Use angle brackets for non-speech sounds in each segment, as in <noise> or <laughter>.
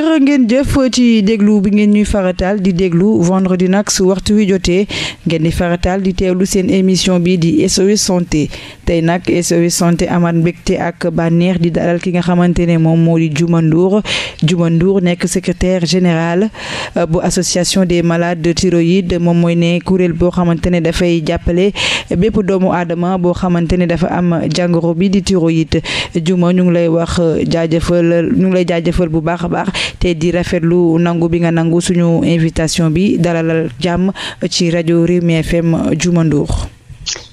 jërë ngeen jëf ci déglu bi ngeen ñuy faratal di déglu vendredi nag su waxtu wi jotee ngeen di faratal di teelu seen émission bi di SOS santé tey nag SOS santé amaat mbégte ak bànneex di dalal ki nga xamante ne moom mooy di Diouma Ndour Diouma nekk secretaire général euh, bu association des malades de thyroïde moom mooy ne kuréel boo xamante ne dafay jàppale bépp doomu aadama boo xamante ne dafa am jàngoro bi di thyroïde juma ñu ngi lay wax euh, jaajëfal ñu ngi lay jaajëfal bu baax a baax te di rafetlu nangu bi nga nangu suñu invitation bi dalalal jàmm ci rajo Rewmi FM Diouma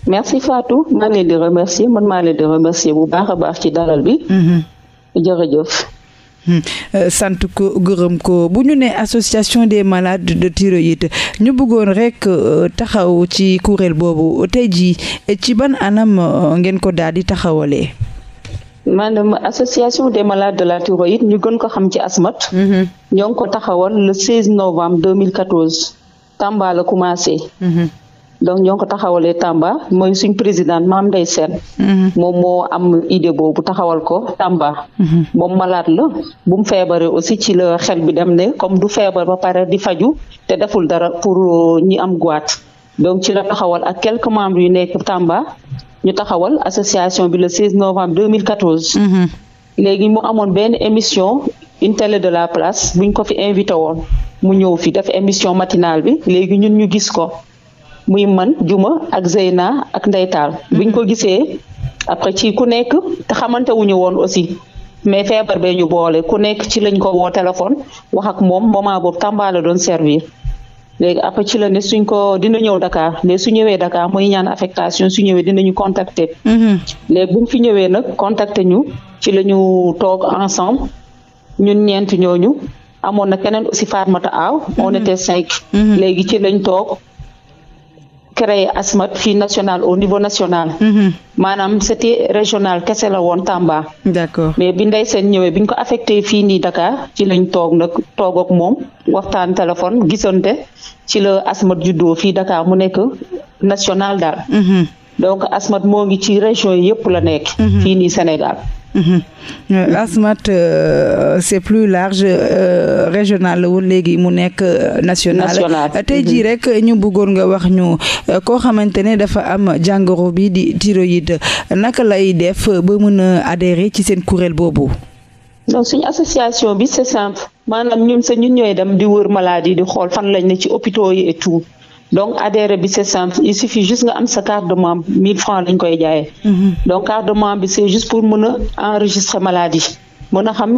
merci Fatou maa leen di remercier man maa di remercier bu baax a baax ci dalal bi. Mhm. jërëjëf. Mhm. Euh, sant ko gërëm ko bu ñu ne association des malades de thyroïde ñu bëggoon rek euh, taxaw ci kuréel boobu tey jii ci ban anam euh, ngeen ko daal di taxawalee. maanaam association des malade de la thyroïde ñu gën ko xam ci asmat mm-hmm. ñoo ngi ko taxawal le 16 novembre 2014 Tamba la commencé. Mm-hmm. donc ñoo ko taxawalee Tamba mooy suñ président Mame Ndeye Sène mm-hmm. moom moo am idée boobu taxawal ko Tamba. moom malade la bu mu feebaree aussi ci la xel bi dem ne comme du feebar ba pare di faju te deful dara pour ñi am goiat donc ci la taxawal ak quelque membres yu nekk Tamba ñu taxawal association bi le 16 novembre 2014. Mm-hmm. léegi mu amoon benn émission une télé de la place buñ ko fi invité woon mu ñëw fi def émission matinale bi léegi ñun ñu gis ko muy man Juma ak Zeyna ak Ndeytaal mm-hmm. buñ ko gisee après ci ku nekk te xamantewuñu woon aussi mais feebar bee ñu boole ku nekk ci lañ ko woo téléphone wax ak moom moment boobu Tamba la doon servir. léegi après ci la ne suñ ko dina ñëw Dakar léegi su ñëwee Dakar muy ñaan affectation su ñëwee dinañu contacter. Mm-hmm. léegi bu fi ñëwee nag contacter ñu ci la ñu toog ensemble ñun ñeent ñooñu amoon na keneen aussi Fatmata Aw. on mm-hmm. était cinq. Mm-hmm. léegi ci lañ toog. créé ASMAT fii national au niveau national. Mhm. maanaam c'était régional kese la woon Tamba. d'accord mais bi Ndeye Sène ñëwee bi ñu ko affecté fii nii Dakar ci lañ toog nag toog ak moom waxtaan téléphone gisante ci la ASMAT juddoo fii daka mu nekk national daal. Mhm. donc ASMAT moo ngi ci région yi yëpp la nekk. Mhm. fii nii Sénégal. Mhm. Euh, ASMAT euh, c'est plus large euh, régional la léegi mu nekk national tey jii mhm. rek ñu buggoon nga wax ñu koo xamante ne dafa am jàngoro bi di thyroïde naka lay def ba mën a adhérer ci seen kuréel boobu. donc suñu association bi c'est simple maanaam ñun sa ñun ñooy dem di wër maladie di xool fan lañ ne ci hôpitaux yi et donc adhéré bi c'est simple il suffit juste nga am sa de membre 1000 francs lañ koy jaayee. Mhm. donc carte de membre bi c'est juste pour mën a enregistrer maladie. mën a xam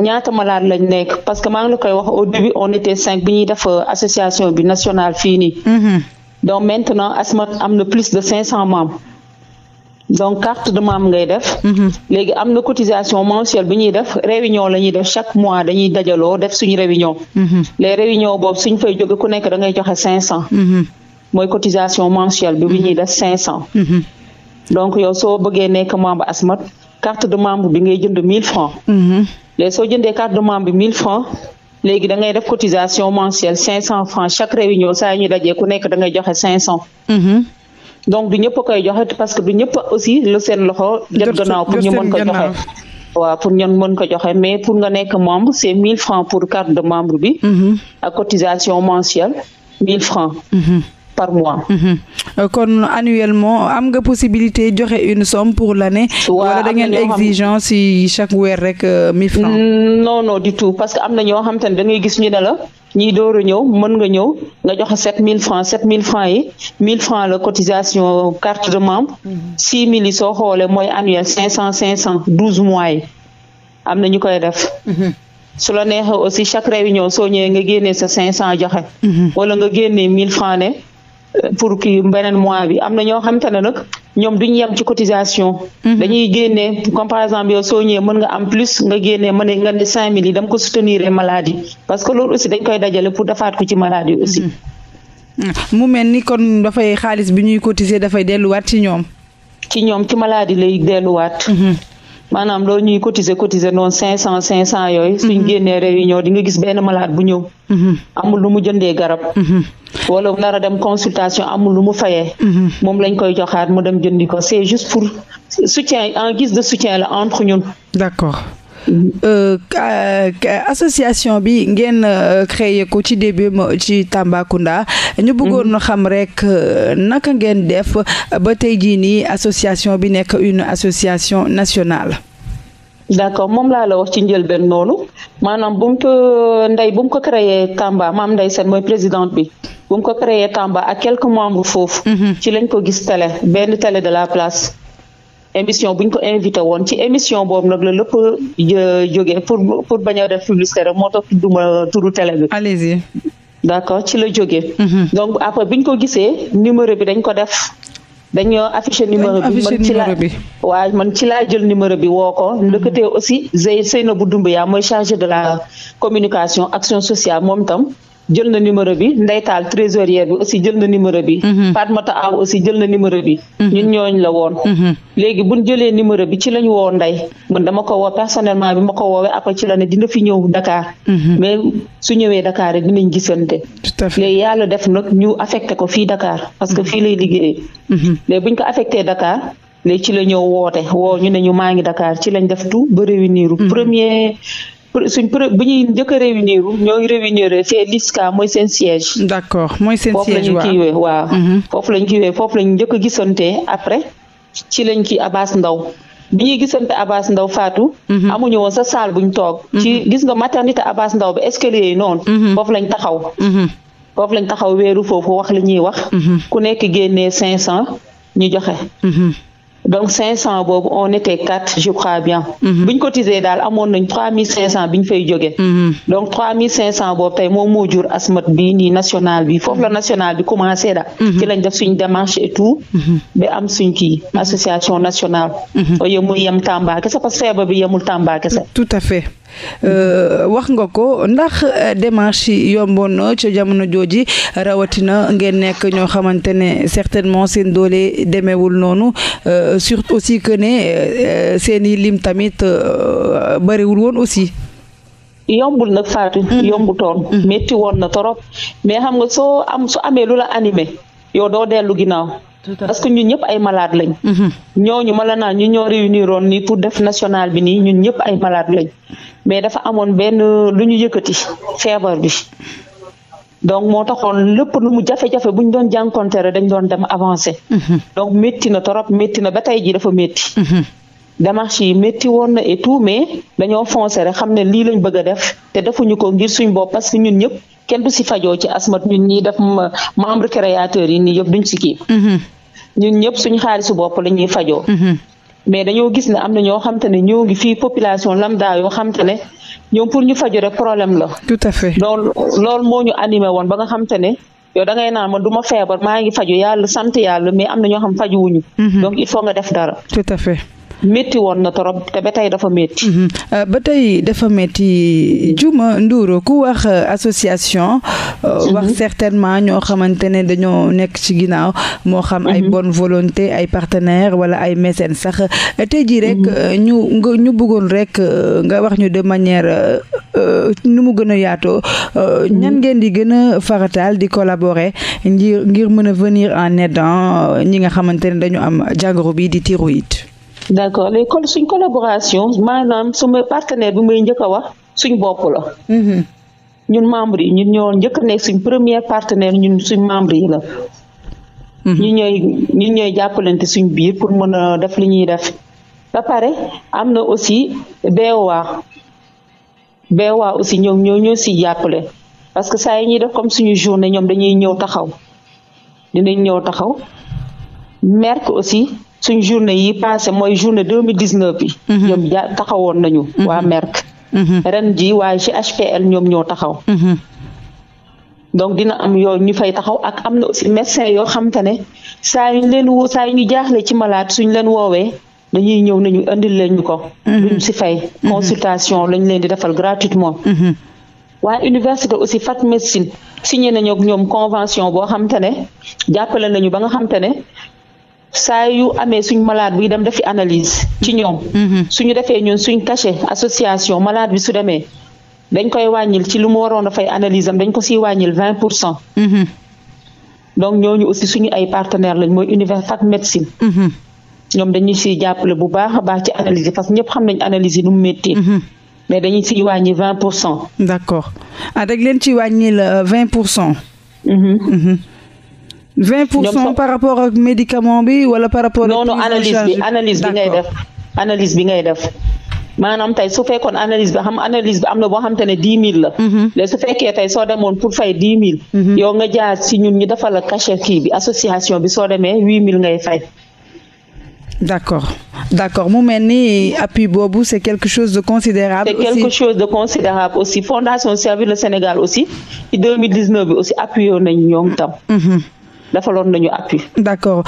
ñaata malade lañ nekk parce que maa la koy wax au début on était cinq bi ñuy def euh, association bi nationale fii nii. Mhm. donc maintenant ASMAT am na plus de 500 membre donc carte de membre ngay def. Mhm. léegi am na cotisation mensuelle bi ñuy def réunion la ñuy def chaque mois dañuy dajaloo def suñu réunion. Mhm. les réunions boobu suñ fay jóge ku nekk dangay joxe cinq cent. Mhm. mooy cotisation mensuelle bi bi ñuy def cinq cent. donc yow soo bëggee nekk membre ASMAT carte de membre bi ngay jënd mille francs. léegi soo jëndee carte de membre bi mille francs léegi da ngay def cotisation mensuelle cinq cent francs chaque réunion saa yi ñuy dajee ku nekk da ngay joxe cinq cent. donc du ñëpp koy joxe parce que du ñëpp aussi lu seen loxo jot gannaaw ko joxe pour ñun mën ko joxe mais pour nga nekk membre c' est mille francs pour carte de membre bi ak mhm. cotisation mensuelle mille francs mhm. par mois. Mhm. Euh, kon annuellement am nga possibilité joxe une somme pour l' année. wala da chaque weer rek euh, mille francs non non du tout parce am na ñoo xam te da ngay gis ñu ne la. ñiy door a ñëw mën nga ñëw nga joxe sept mille francs sept mille francs yi mille francs la cotisation carte de membre mm-hmm. six mille yi soo xoolee mooy annuel cinq cent cinq cent douze mois yi am na ñu koy def mm-hmm. su la neexee aussi chaque réunion soo ñëwee nga génnee sa cinq cent joxe mm-hmm. wala nga génnee mille francs ne euh, pour ki beneen mois bi am na ñoo xamante ne nag ñoom duñu yem ci cotisation. Mhm. dañuy génne comme par exemple yow soo ñëwee mën nga am plus nga génne mën nga ne cinq mille yi dama ko soutenir maladie parce que loolu aussi dañ koy dajale pour defaat ko ci maladie aussi. Mhm. Mhm. mu mel ni kon dafay xaalis bi ñuy cotiser dafay delluwaat ci ñoom. ci ñoom ci maladie lay delluwaat. maanaam loolu ñuy cotiser cotiser noonu cinq cent cinq cent yooyu mhm. suñ génnee réunion di nga gis benn malaat bu ñëw mhm. amul lu mu jëndee garab mhm. wala mu nar a dem consultation amul lu mu fayee moom lañ koy joxaat mu dem jëndi ko c'est juste pour soutien en gis de soutien la entre ñun d'accord Euh, association bi ngeen euh, créé ko ci début ci Tambacounda ñu buggoon bëggoon mhm. xam rek euh, naka ngeen def ba tey jii nii association bi nekk une association nationale. d'accord moom laa la wax ci njëlbeen noonu maanaam bu mu ko ndey bu mu ko créer Tamba maam ndey Sène mooy présidente bi bu mu ko créé Tamba ak quelques membres foofu. Mhm. ci lañ ko gis télé benn télé de la place. émission bu ñu ko invité woon ci émission boobu nag la lépp jógee pour pour bañ a def publicité rek moo tax tudduma turu télé bi. allez-y. d'accord ci la jógee. Mhm. donc après bi ñu ko gisee numéro bi dañ ko def. dañoo affiché numéro bi man ci laa waaw man ci laa jël numéro bi woo ko mhm. ndëkkatee aussi Sey dumb Doumbouya mooy chargé de la communication action sociale moom tam jël na numéro bi ndeytaal trésorière bi aussi jël na numéro bi mhm. Fatmata Aw aussi jël na numéro bi mhm. ñun ñooñ la woon mhm. léegi bu jëlee numéro bi ci lañ woo ndey man dama ko woo personnellement bi ma ko woowee après ci la dina fi ñëw Dakar mais su ñëwee Dakar rek dinañ gisante léegi yàlla def nag ñu affecté ko fii Dakar parce que fii lay liggéeyee léegi buñ ko affecté ci la ñëw woote woo ñu ne ñu maa ngi Dakar ci lañ def tout ba réunir premier suñ bu ñuy njëkk a réunir ñooy réunir c'est l'ISCA mooy seen siège. d'accord mooy seen siège waaw foofu la ñu kiiwee waaw. Mhm. foofu la ñu kiiwee foofu la ñu njëkk a après ci lañ ki Abass Ndao bi ñuy gisante Abass Ndao faatu mhm. amuñu woon sa salle buñ toog. Mhm. ci gis nga maternité Abass ndaw bi escalier yi noonu. foofu lañ taxaw. foofu lañ taxaw weeru foofu wax li ñuy wax. ku nekk génnee 500 ñu joxe. donc cinq 500 boobu on était quatre je crois bien. Mhm. bu ñu cotisé daal amoon nañ 3500 bi ñu fay jógee. Mhm. donc 3500 boobu tey moom moo jur asmat bi nii national bi foofu la mhm. national bi commencé da ci lañ def suñ démarche et tout. ba am suñ kii association nationale. au yemu yem Tamba kese parce que feebar bi yemul Tamba kese. tout à fait. Euh, wax nga ko ndax euh, démarche yi yomboon na ca jamono jooji rawatina ngeen nekk ñoo xamante ne certainement seen doole demeewul noonu euh, surtout aussi que ne seen i lim tamit bariwul woon aussi. yombul nag Fatou. Mm-hmm. yombutoon métti mm-hmm. woon na trop mais xam nga soo am su amee lu la animé yow doo dellu ginnaaw. parce que ñun ñëpp ay malade lañ. Mhm. ñooñu ma la naan ñu ñoo réunir woon nii pour def nationale bi nii ñun ñëpp ay malade lañ mais dafa amoon benn lu ñu yëkkati feebar bi donc moo taxoon lépp lu mu jafe-jafe bu ñu doon jànkoonteere dañ doon dem avancé. Mhm. donc métti na torop métti na ba tey jii dafa métti. Mhm. démarche yi métti woon na et tout mais dañoo foncé xam ne lii lañ bëgg a def te defuñu ko ngir suñ bopp parce que ñun ñëpp. kenn du si fajoo ci asmat ñun ñii def membre créateur yi nii yëpp duñ si kii. Mm-hmm. ñun ñëpp suñu xaalisu bopp la ñuy fajoo. Mm-hmm. mais dañoo gis ne am na ñoo xam te ne ñoo ngi fii population lambda yoo xam te ne ñoom pour ñu faju rek problème la. tout a fait loolu loolu moo ñu animé woon ba nga xam te ne yow da ngay naan man du ma feebar maa ngi faju yàlla sant yàlla mais am na ñoo xam fajuwuñu. Mm-hmm. donc il faut nga def dara. tout à fait. métti woon na torop te ba tey dafa métti. Mhm. Euh, ba tey dafa métti Diouma Ndour ku wax euh, association. Euh, wax mhm. certainement ñoo xamante ne dañoo nekk ci ginnaaw moo xam ay mhm. bonne volonté ay partenaires wala ay mécènes sax tey jii rek ñu nga ñu buggoon rek nga wax ñu de manière nu mu gën a yaatoo ñan ngeen di gën a farataal di collaborer ngir ngir mën a venir en aidant ñi nga xamante ne dañu am jàngoro bi di thyroïde. d' accord léegi kon suñ collaboration maanaam suma partenaire bi muy njëkk a wax suñ bopp la. Mm-hmm. ñun membre yi ñun ñoo njëkk nekk suñ premier partenaire ñun suñ membre yi la. Mm-hmm. ñu ñooy ñu ñooy jàppalante suñ biir pour mën a def li ñuy def. ba pare am na aussi BOA BOA aussi ñoom ñoo ñoo si jàppale parce que saa yi ñuy def comme suñu journée ñoom dañuy ñëw taxaw dinañ ñëw taxaw. Merck aussi suñ journée yi passé mooy journée deux mille dix neuf bi. Mhm. ñoom ja taxawoon nañu. Mhm. waa Merck. Mhm. ren ji waaye ci HPL ñoom ñoo taxaw. donc dina am yoo ñu fay taxaw ak am na aussi médecin yoo xamante ne saa yu ñu leen saa yu ñu jaaxle ci malade suñ leen woowee. dañuy ñëw nañu indil leen ñu ko si fay consultation lañ leen di defal gratuitement waaye université aussi fac médecine signé nañu ñoom convention boo xamante ne jàppale nañu ba nga xamante ne saa yu amee suñ malade bi dem defi analyse ci ñoom mhm. suñu defee ñun suñ cachet association malade bi su demee dañ koy wàññil ci lu mu waroon a fay analyse am dañ ko siy wàññil vingt pour cent mhm. donc ñooñu aussi suñu ay partenaire lañ mooy univers fac médecine mhm. ñoom dañuy siy jàppale bu baax a baax ci analyse parce que ñëpp xam nañ analyse yi nu mu métti mais dañuy siy wàññi vingt pour cent d'accord ah dag leen ci wàññil euh, vingt pour cent vingt pour par rapport ak médicament bi wala par rapport. non non analyse bi analyse bi ngay def analyse bi ngay def. maanaam tey su fekkoon analyse bi xam analyse am na boo xamante ne dix mille la. léegi mhm. su fekkee tey soo demoon pour fay dix mille. Mhm. yow nga jaar si ñun ñu defal la cachet kii bi association bi soo demee huit mille ngay fay. d' accord d' accord mu mel ni appui boobu c' est quelque chose de considérable c' quelque chose de considérable aussi fondation Servir le Sénégal aussi ci deux mille dix bi aussi appuyé nañ ñoom tam. Mhm. defaloon nañu appui. d' accord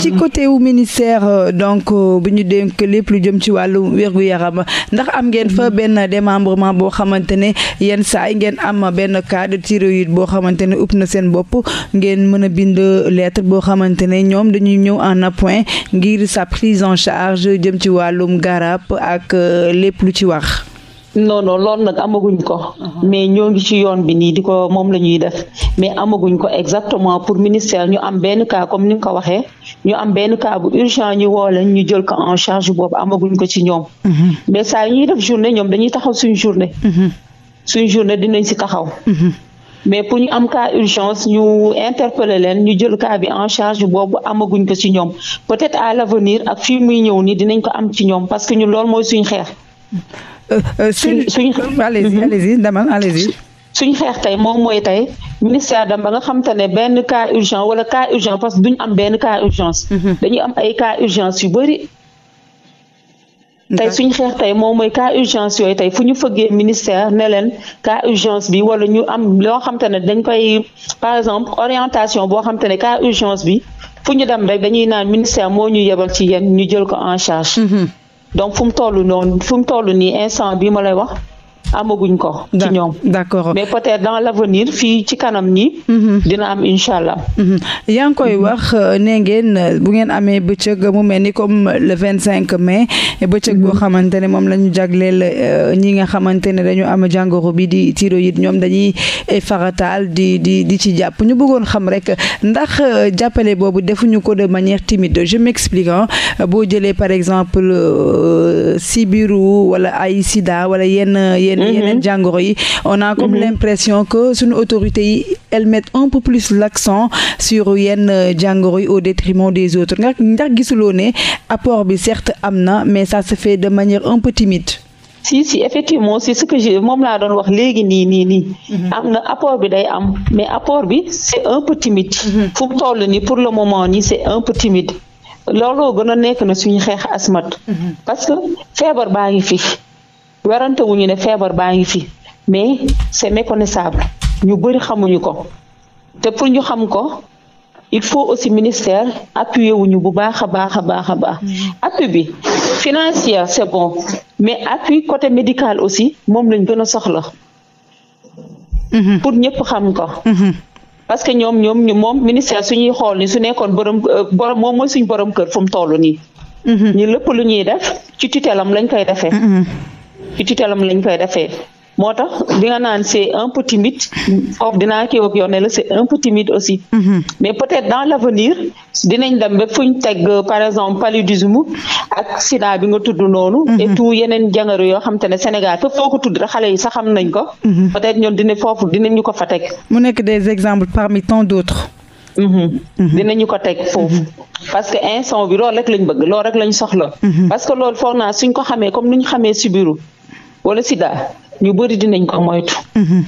ci mhm. côté wu ministère euh, donc euh, bu ñu dénk lépp lu jëm ci wàllu wérgu yaram ndax am ngeen fa mhm. benn démembrement boo xamante ne yenn saa yi ngeen am benn cas de thyroïde boo xamante ne upp na seen bopp ngeen mën a bind lettre boo xamante ne ñoom dañuy ñëw en appoint ngir sa prise charge jëm ci wàllum garab ak euh, lépp lu ci wax. non non loolu nag amaguñ ko. Uh-huh. mais ñoo ngi ci yoon bi nii di ko moom la ñuy def mais amaguñ ko exactement pour ministère ñu am benn ka comme ni nga ko waxee ñu am benn ka bu urgent ñu woo leen ñu jël ko en charge boobu amaguñ ko ci ñoom. Uh-huh. mais saa ñuy def journée ñoom dañuy taxaw suñ journée. Uh-huh. suñ journée dinañ ci taxaw. mais pour ñu am cas urgence ñu interpeller leen ñu jël cas bi en charge boobu amaguñ ko ci ñoom peut-être à l'avenir ak fi muy ñëw nii dinañ ko am ci ñoom parce que ñun loolu mooy suñ xeex. suñ euh, euh, suñu allez-y mhm. allez-y demal allez xeex tey moom mooy tey ministère dem ba nga xam ne benn cas urgent wala cas urgent parce que duñu am benn cas urgence. Mhm. dañuy am ay cas urgence yu bëri. tey suñ xeex tey moom mooy cas urgence yooyu tey fu ñu fëggee ministère ne leen cas urgence bi wala ñu am loo xam ne dañ koy par exemple orientation boo xam te ne cas urgence bi fu ñu dem rek dañuy naan ministère moo ñu yebal ci yéen ñu jël ko en charge. Mhm. donc fu mu toll noonu fu mu toll nii instant bi ma lay wax amaguñ ko. ci ñoom d'accord mais peut-être dans l'avenir fii ci kanam nii. Mhm. dina am incha allah. Mhm. yaa koy mhm. wax euh, nee ngeen euh, bu ngeen amee bëccëg mu mel ni comme euh, le vingt cinq mai bëccëg boo xamante ne moom lañu ñu jagleel ñi nga xamante ne dañu am jàngoro bi di thyroïde ñoom dañuy farataal di di di ci jàpp ñu bëggoon xam rek ndax jàppale boobu defuñu ko de manière timide je m'explique boo jëlee par exemple sibiru wala ay sida wala yenn. yenn yeneen mhm. jàngoro yi on a comme mhm. l'impression que suñu autorités yi elles mettent un peu plus l'accent sur yenn euh, jàngoro yi au détriment des autres ndax ndax gisuloo ne apport bi certes am na mais ça se fait de manière un peu timide si si effectivement si ce que je moom laa doon wax léegi nii nii nii mhm. am na apport bi day am mais apport bi c'est un peu timide fu mu nii pour le moment nii c'est un peu timide looloo gën a nekk na suñu xeex asmat parce que feebar werante wuñu ne feebar baa ngi fi mais c'est méconnaissable ñu bëri xamuñu ko te pour ñu xam ko il faut aussi ministère appuyer wuñu bu baax a baax a baax a baax mm. appui bi financier c'est bon mais appui côté médical aussi moom lañ gën a soxla mm-hmm. pour ñëpp xam ko mm-hmm. parce que ñoom ñoom moom ministère suñuy xool ni su nekkoon borom euh, borom moom mooy suñu borom kër fu mu toll nii mm-hmm. ñu lépp lu ñuy def ci tutelam lañ koy defee ci tutelam lañ koy defee moo tax bi nga naan c'est un peu timide foofu dinaa kii ak yow c'est un peu timide aussi. Mm-hmm. mais peut-être dans l'avenir dinañ dem ba fu ñu teg euh, par exemple paludisme ak sida bi nga tudd noonu. Mm-hmm. et tout yeneen jàngoro yoo xam te ne Sénégal fépp foo ko ko. Mm-hmm. peut-être ñoom dina foofu ko fa teg. mu nekk des ko teg foofu parce que instant bi loolu rek lañ bëgg loolu rek lañ soxla. parce que loolu foog naa suñ ko xamee comme ni ñu xamee sibiru wala sida ñu bëri dinañ ko moytu. Mm-hmm.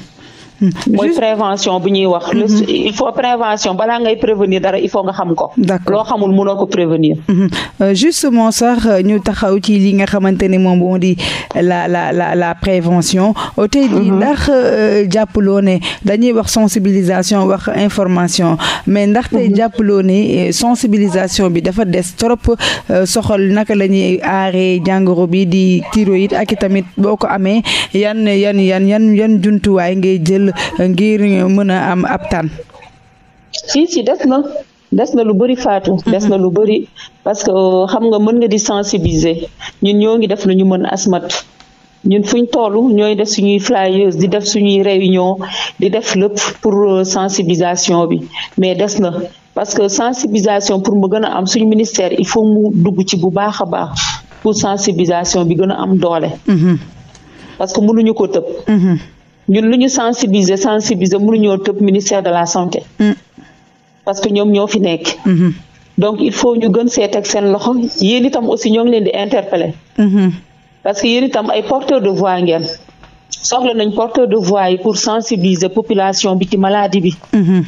mooy prévention bu ñuy wax. Mhm. il faut prévention balaa ngay prévenir dara il faut nga xam ko. d'accord loo xamul mënoo ko prévenir. Mhm. Euh, justement sax ñu taxaw ci li nga xamante ne moom moo di la la la la prévention. tey jii mhm. ndax euh, jàppaloo ne dañuy wax sensibilisation wax information mais ndax tey jàppaloo ne euh, sensibilisation bi dafa des trop soxal naka la ñuy aaree jàngoro bi di thyroïde ak i tamit boo ko amee yan yan yan yan yan jumtuwaay ngay jël. jël ngir mën a am ab tànn si si des na des na lu bëri faatu des na lu bëri parce que euh, xam nga mën nga di sensibiliser ñun ñoo ngi def lu ñu mën asmat ñun fuñ toll ñooy def suñuy flyers di def suñuy réunion di def lëpp pour euh, sensibilisation bi mais des na parce que sensibilisation pour mu gën a am suñu ministère il faut mu dugg ci bu baax a baax pour sensibilisation bi gën a am doole mm-hmm. parce que mënuñu ko tëb mm-hmm. ñun lu ñu sensibiliser sensibiliser mënuñoo tëb ministère de la santé. Mm. parce que ñoom ñoo fi nekk. Mm-hmm. donc il faut ñu gën seet ak seen loxo yéen itam aussi ñoo ngi leen di interpeller. Mm-hmm. parce que yéen itam ay porteur de voix ngeen. soxla nañ porteur de voix yi pour sensibiliser population bi ci maladie bi. Mm-hmm.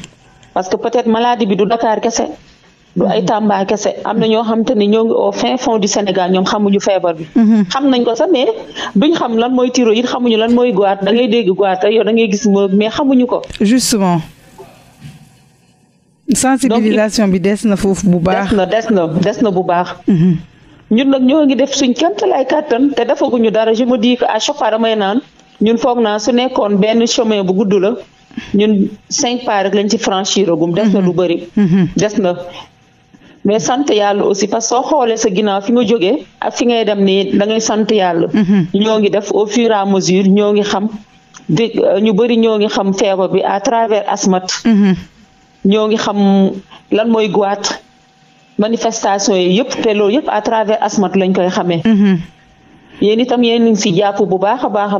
parce que peut-être maladie du Dakar kese. du ay mhm. Tamba kese am na ñoo xam te ne ñoo ngi au fin fond du Sénégal ñoom xamuñu feebar bi. Mhm. xam nañ ko sax mais duñ xam lan mooy thyroïde xamuñu lan mooy goitre da ngay dégg goitre yow da ngay gis moom mais xamuñu ko. justement sensibilisation bi des na foofu bu baax. des des na des na bu baax. Mhm. ñun nag ñoo ngi def suñ kéemtalaay kàttan te defaguñu dara je me à chaque fois naan ñun foog naa su nekkoon benn chemin bu gudd la ñun cinq pas rek lañ ci franchir agum. des na lu bëri. des na mais sant yàlla aussi parce que soo xoolee sa ginnaaw fi nga jógee ak fi ngay dem nii da ngay sant yàlla. Mhm. ñoo ngi def au fur et à mesure ñoo ngi xam di ñu bëri ñoo ngi xam feebar bi à travers asmat. Mhm. ñoo ngi xam lan mooy goitre manifestation yi yëpp te loolu yëpp à travers asmat lañ koy xamee. Mhm. yéen itam si jàpp bu baax a baax a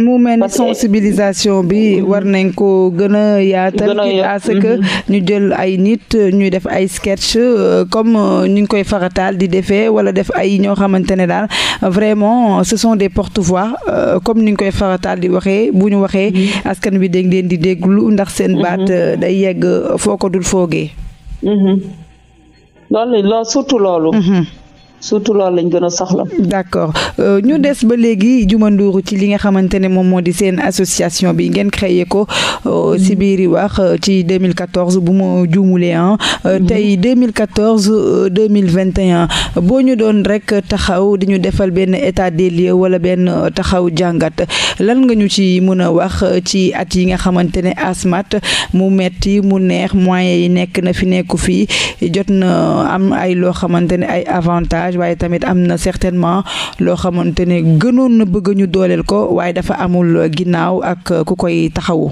mu mel ni sensibilisation bi mm-hmm. war nañ ko gën a yaatal à ce que mm-hmm. ñu jël ay nit ñuy def ay sketch euh, comme euh, ñu ngi koy farataal di defee wala def ay ñoo xamante ne daal vraiment ce sont des porte-voix euh, comme ni ñu koy farataal di waxee bu ñu waxee mm-hmm. askan bi dégg leen di déglu ndax seen baat day yegg foo ko dul foogee surtout loolu surtout loolu lañ gën a soxla. d' accord euh, ñu des ba léegi Diouma ci li nga xamante ne moom moo di seen association bi ngeen créé ko euh, si biir yi wax euh, ci 2014 bu ma juumulee ah. Mhm. tey 2014 2021 boo ñu doon rek taxaw di defal benn état des lieux wala benn taxaw jàngat lan nga ñu ci mën a wax ci at yi nga xamante ne asmat mu metti mu neex moyen yi nekk na fi nekku fii jot na am ay loo xamante ne ay avantages. courage waaye tamit am na certainement loo xamante ne gënoon na bëgg ñu dooleel ko waaye dafa amul ginnaaw ak ku koy taxawu.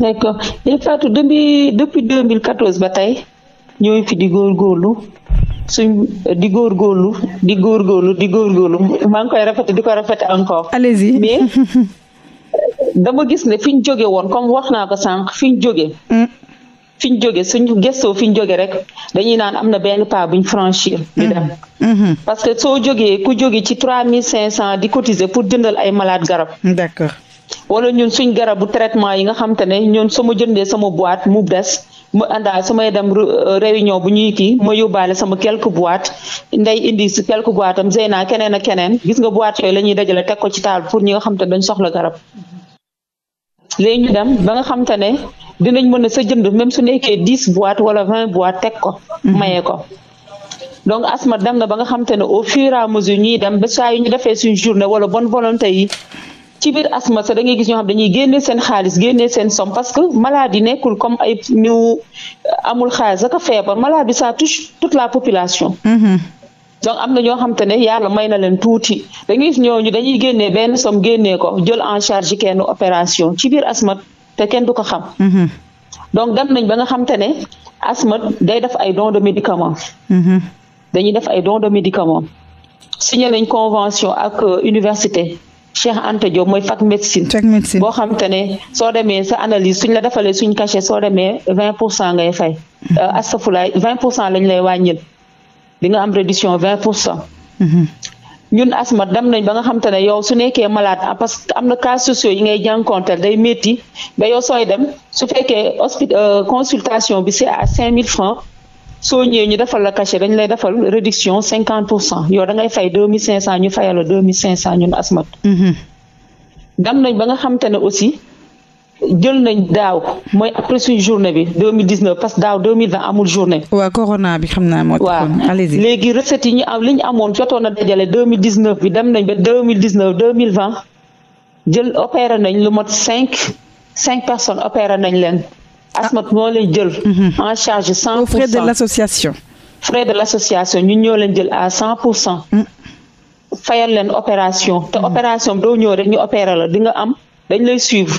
d'accord et Fatou depuis depuis 2014 ba tey ñooy fi di góor góorlu suñ di góor góorlu di góorgóorlu di góorgóorlu maa ngi koy rafet di ko répété encore. allez-y mais <laughs> dama gis ne fi ñu jóge woon comme wax naa ko sànq fi ñu fi ñu jóge suñu gëstoo fi ñu jóge rek dañuy naan am na benn pas buñ franchir di dem mm-hmm. Mm-hmm. parce que soo jógee ku jóge ci trois mille cinq cent di cotiser pour jëndal ay malade garab d'accord wala ñun suñ garab bu traitement yi nga xam te ne ñun sama jëndee sama boîte mu des mu àndaa su may dem euh, réunion bu ñuy kii ma yóbbaale sama quelques boîtes nday indi si quelques boîtes am Zeyna keneen a keneen gis nga boîte yooyu la ñuy dajale teg ko ci taal pour ñi nga xam te dañ soxla garab léegi ñu dem ba nga xam te ne dinañ mën a sa jënd même su nekkee dix boîte wala vingt boîte teg ko. Mhm. maye ko donc asma dem na ba nga xam ne au fur et à mesure ñuy dem ba saa yu ñu defee suñ journée wala bon volonté yi. ci biir asma sax da ngay gis ñoo xam dañuy génne seen xaalis génne seen somme parce que maladie nekkul comme ay ñu amul xaalis ak feebar maladie ça touche toute la population. Mhm. donc am na ñoo xam te ne yàlla may na leen tuuti dañuy gis ñooñu dañuy génnee benn somme génnee ko jël en charge kenn opération ci biir asmat te kenn du ko xam. Mm-hmm. donc dem nañ ba nga xam te ne asmat day def ay don de médicament. Mm-hmm. dañuy def ay don de médicament. signé nañ convention ak euh, université Cheikh Anta Diop mooy fac médecine. fac médecine boo xam te ne soo demee sa analyse suñ la defalee suñ cachet soo demee vingt pour cent ngay fay. Mm-hmm. Euh, astafurlaay vingt pour cent lañ lay wàññil. di nga am réduction vingt pour cent. Mm-hmm. ñun asma dem nañ ba nga xam te ne yow su nekkee malaat ah, parce que am na cas sociaux yi ngay jànkonteel day métti ba yow sooy dem su fekkee hospi euh, consultation bi c'est à cinq mille francs soo ñëwee ñu defal la cachet dañ lay defal réduction cinquante pour cent yow da ngay fay deux mille cinq cent ñu fayal la deux mille cinq cent ñun asmat mm-hmm. dem nañ ba nga xam te aussi jël nañ daaw mooy après suñu journée bi 2019 parce que daaw 2020 amul journée. waaw corona bi xam naa moo taxoon. allez-y léegi recettes yi am li ñu amoon jotoon a dajale 2019 bi dem nañ ba 2019 2020 jël opéré nañ lu mot cinq cinq personnes opéré nañ leen. Ah. asmat moo leen jël. Mm-hmm. en charge cent pour frais de l' association. frais de l' association ñun ñoo leen jël à cent pour cent. Mm. fayal leen opération. te mm-hmm. opération doo ñëw ñu opéré la am dañ lay suivre.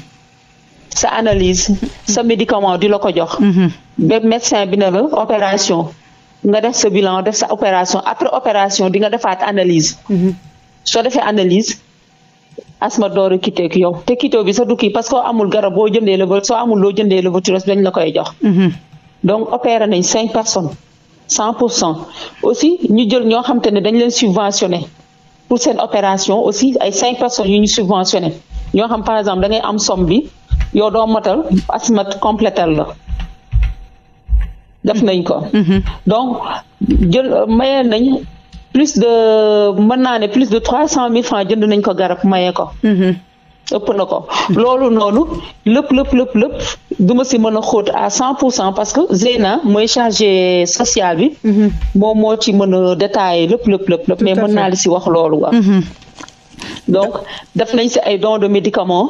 sa analyse sa médicament di la ko jox mm-hmm. ba médecin bi ne la opération nga def sa bilan def sa opération après opération di nga defaat analyse mm-hmm. soo defee analyse asma dooru quitté ak yow te quitté bi sa du kii parce que amul gara boo jëndee la soo amul loo jëndee la levotirox dañ la koy jox mm-hmm. donc opéré nañ cinq personnes cent pour cent aussi ñu jël ñoo xam te ne dañ leen subventionné pour seen opération aussi ay cinq personnes yu ñu subventionné ñoo xam par exemple da ngay am somme bi yow doo motal asmat complétal la def nañ ko mhm. donc jël mayee nañ plus de mën naa ne plus de trois cent mille francs jënd nañ ko garab mayee ko mhm. ëpp na ko loolu noonu lépp lépp lépp lépp du ma si mën a xóot à cent pour cent parce que Zeyna mooy chargé social bi mhm. moom moo ci mën a détaillé lépp lépp lépp lépp mais mën naa li si wax loolu waaw donc def nañ si ay dons de médicaments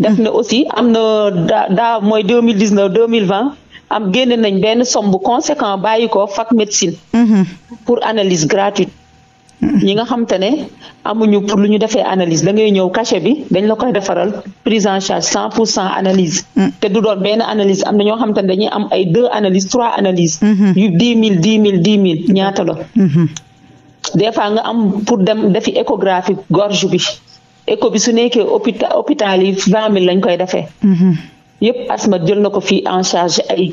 def na aussi am na daa mooy deux mille dix neuf deux mille vingt am génne nañ benn somme bu conséquent bàyyi ko fac médecine. Mm-hmm. pour analyse gratuite. Mm-hmm. ñi nga xam te ne amuñu pour lu ñu defee analyse da ngay ñëw cachet bi dañ la koy defaral prise en charge cent pour cent analyse mm-hmm. te du doon benn analyse am na ñoo xam te ne dañuy am ay deux analyses trois analyses yu dix mille dix mille dix mille ñaata la nga am pour dem defi échographie gorge bi écho bi su nekkee hôpital hôpital yi vingt mille lañ koy defee. Mhm. yëpp asmat jël na ko fii en charge ay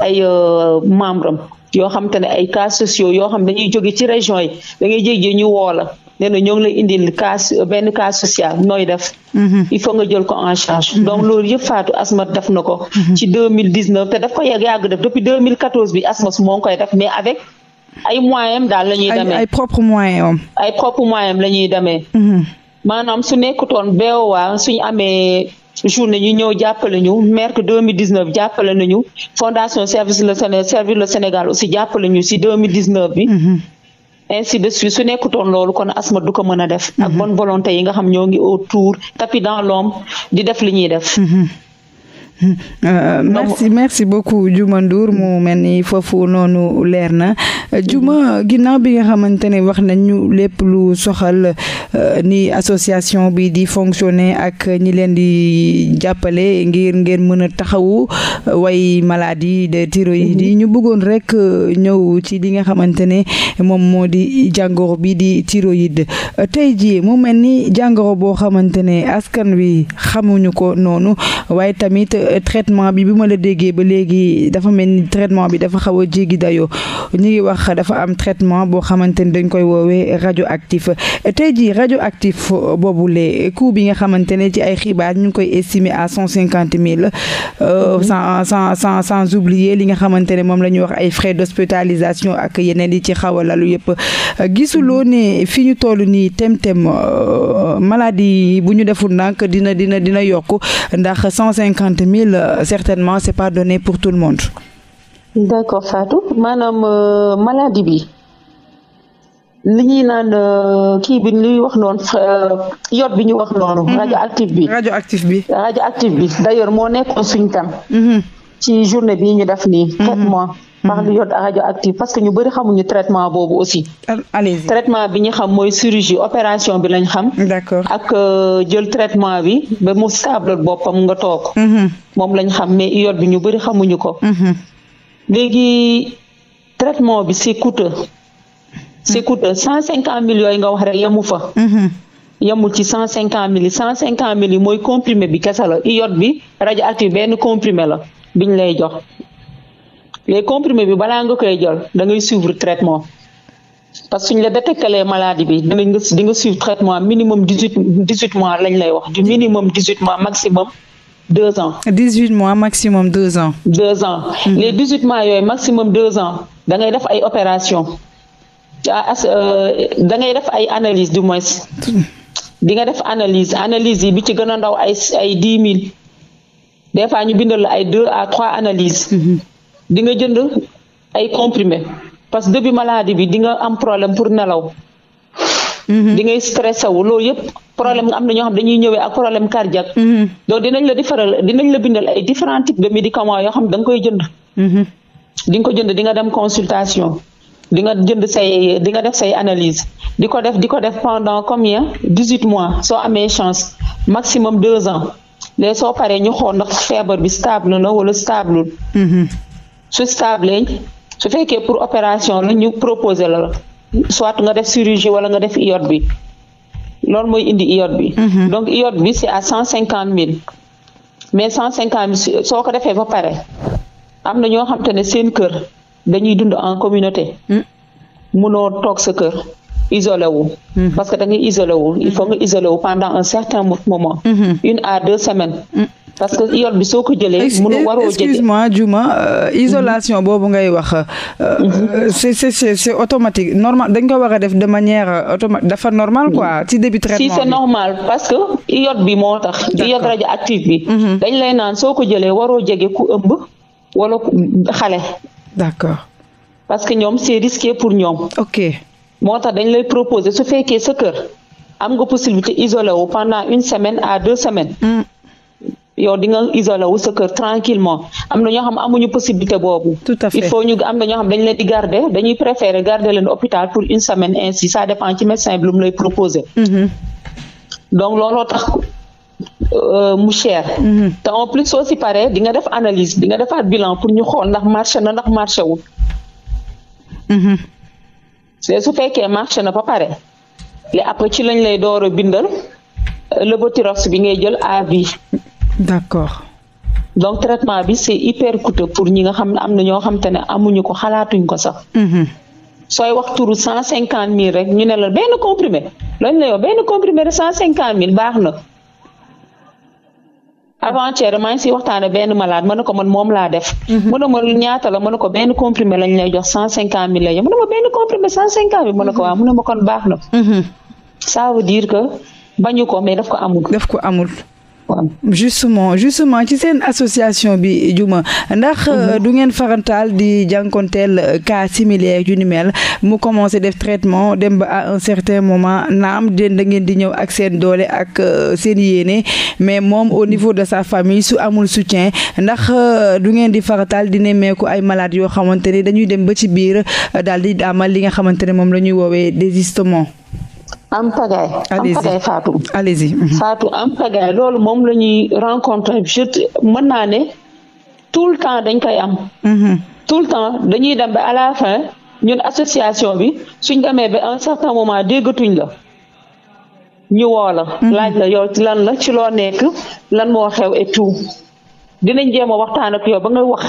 ay euh, membre am yoo xam te ne ay cas sociaux yoo xam dañuy jóge ci région yi da ngay jéggi ñu woo la nee na lay indil cas benn cas social nooy def. Mhm. il faut nga jël ko en charge. Mhm. donc loolu yëpp faatu asmat def na ko. ci deux mille dix neuf te daf ko yàgg yàgg def depuis deux mille quatorze bi asmat moo ngi koy def mais avec. ay moyens daal la ñuy demee ay propre moyen am. ay propre moyen la ñuy demee. maanaam su nekkutoon BOA suñu amee journée ñu ñëw jàppale ñu merc 2019 jàppale nañu fondation service le service le Sénégal aussi jàppale ñu si 2019 bi. Mm-hmm. ainsi de suite su nekkutoon loolu kon asma du ko mën a def. ak mm-hmm. bonne volonté yi nga xam ñoo ngi autour tapi dans l'ombre di def li ñuy def. Mm-hmm. Euh, merci merci beaucoup Diouma Ndour mu mel ni foofu noonu leer na Diouma euh, ginnaaw bi nga xamante ne wax nañu lépp lu soxal euh, ni association bi di fonctionner ak ñi leen di jàppale ngir ngeen mën a taxawu euh, way maladie de thyroïde yi mhm. ñu bëggoon rek ñëw ci li nga xamante ne moom moo di jàngoro bi di thyroïde tey ji mu mel ni jàngoro boo xamante ne askan wi xamuñu ko noonu waaye tamit. traitement bi bi ma la déggee ba léegi dafa mel ni traitement bi dafa xaw a jéggi dayoo ñu ngi wax dafa am traitement boo xamante ni dañ koy woowee radioactif tey jii radioactif boobule coût bi nga xamante ne ci ay xibaar ñu ngi koy estimer à cent cinquante mille euh, mhm. sans sans sans sans oublier li nga xamante ne moom la ñuy wax ay frais de d'hospitalisation ak yeneen yi ci xaw a lalu yëpp gisuloo ne fi ñu toll nii tem-tem euh, maladie bu ñu deful ndànk dina dina dina yokk ndax mille euh, certainement c'est pas donné pour tout le monde. d'accord Fatou maanaam euh, maladie bi li ñuy naan euh, kii bi ñuy wax noonu yot bi ñuy wax noonu. Mhm. radioactif bi radioactif bi. radioactif bi d'ailleurs moo nekkoon suñu tam. Mhm. ci journée bii ñu def nii. traitement. par li yoon radioactive parce que ñu bëri xamuñu traitement boobu aussi. traitement bi ñu xam mooy chirurgie opération bi lañ xam. d'accord ak euh, jël traitement bi ba mu stable boppam nga toog. Mm-hmm. moom lañ xam mais iode bi ñu bëri xamuñu ko. Mm-hmm. léegi traitement bi si coûteux. c'est mm-hmm. coûteux cent cinquante mille yooyu nga wax rek yemu fa. yamul ci cent cinquante mille cent cinquante mille yi mooy comprimé bi kese la iode bi radioactive benn comprimé la biñ lay jox léegi comprimé bi balaa nga koy jël da ngay suivre traitement parce que suñ la détectalee maladie bi dinañ nga di nga suivre traitement minimum dix huit dix huit mois lañ lay wax du minimum dix huit mois maximum deux ans. dix huit mois maximum deux ans. deux ans mmh. les dix huit mois yooyu maximum deux ans da ngay def ay opération euh, da ngay def ay analyse du moins. di nga def analyse analyse yi bi ci gën a ndaw ay ay dix mille des fois ñu bindal la ay deux à trois analyses. Mmh. di nga jënd ay comprimé parce que debut maladie bi di nga am problème pour nelaw. Mhm. di ngay stressé wu loolu yëpp problème am na ñoo xam dañuy ñëwee ak problème cardiaque. Mhm. donc dinañ la defaral dinañ la bindal ay différents types de médicaments yoo xam da nga koy jënd. Mhm. di nga ko jënd di nga dem consultation di nga jënd say di nga def say analyse di ko def di ko def pendant combien dix huit mois soo amee chance maximum deux ans léegi soo paree ñu xool ndax feebar bi stable na wala stableul. su stable su fekkee pour opération la ñu proposer la soit nga def chirurgie wala nga def iode bi loolu mooy indi iode bi. Mhm. donc iode bi c'est à cent cinquante mille mais cent cinquante soo ko defee ba pare am na ñoo xam te ne seen kër dañuy dund en communauté. Mm. munoo toog sa kër. isolé wu. Mhm. parce que da ngay isolé wu il faut nga isolé wu pendant un certain moment. Mhm. une à deux semaines. Mhm. parce que yoon bi soo ko jëlee. mënu waroo jëlee excuse-moi Diouma euh, isolation boobu ngay wax. Euh, euh, c'est c'est automatique dañ ko war a def de manière automatique dafa normal quoi ci début traitement si c'est normal parce que iode bi moo tax. iode active bi. dañ lay naan soo ko jëlee waroo jege ku ëmb wala xale. d'accord. parce que ñoom c'est risqué pour ñoom. ok. moo tax dañ lay proposer su fekkee sa kër am nga possibilité isolé wu pendant une semaine à deux semaines. Mm. yow di nga isolé wu sa kër tranquillement am na ñoo xam amuñu possibilité boobu. tout à fait il faut ñu am na ñoo xam dañ leen di garder dañuy préférer garder leen hôpital pour une semaine ainsi ça dépend ci médecin bi lu mu lay proposer. Mm-hmm. donc looloo tax euh, mu cher. Mm-hmm. te en plus soo si paree di nga def analyse di nga defaat bilan pour ñu xool ndax marché na ndax marché wul. mm su fekkee marché na ba pare li après ci lañ lay door a bindal Levothyrox bi ngay jël à vie. d'accord. donc traitement bi c'est hyper coûteux pour ñi nga xam ne am na ñoo xam te ne amuñu ko xalaatuñ ko sax. Mm-hmm. sooy wax turu cent cinquante mille rek ñu ne la benn comprimé lañ la yow benn comprimé de cent cinquante mille baax na. avant-hier maa ngi siy waxtaane benn malaat ma ne ko man moom laa def. Mhm. mu ne ma ñaata la ma ne ko benn comprimé lañ lay jox cent cinquante mille la ñu mu ne ma benn comprimé cent cinquante mille ma ko mhm. waaw mu ma kon baax na. Mhm. ça que bañu ko mais daf ko amul. daf ko amul. waaw justement justement ci seen association bi juma ndax euh, mhm. du ngeen farantaal di jànkonteel euh, cas similaire yu ni mel mu commencé def traitement dem ba à un certain moment naam den da ngeen di ñëw ak seen doole ak euh, seen yéene mais moom au niveau de sa famille su amul soutien ndax du ngeen di farantaal di nemmeeku ay malade yoo xamante ne dañuy dem ba ci biir daal di daamal li nga xamante ne moom la ñuy woowee désistement en pagaille en pagaille Fatou allez-y mhm. loolu moom la ñuy rencontrer je mën naa ne tout le temps dañ koy am mhm. tout le temps dañuy dem ba à la fin ñun association bi suñ demee bi un certain moment déggatuñ la ñu woo la mhm. laaj la yow lan la ci loo nekk lan moo xew et tout dinañ jéem a waxtaan ak yow ba nga wax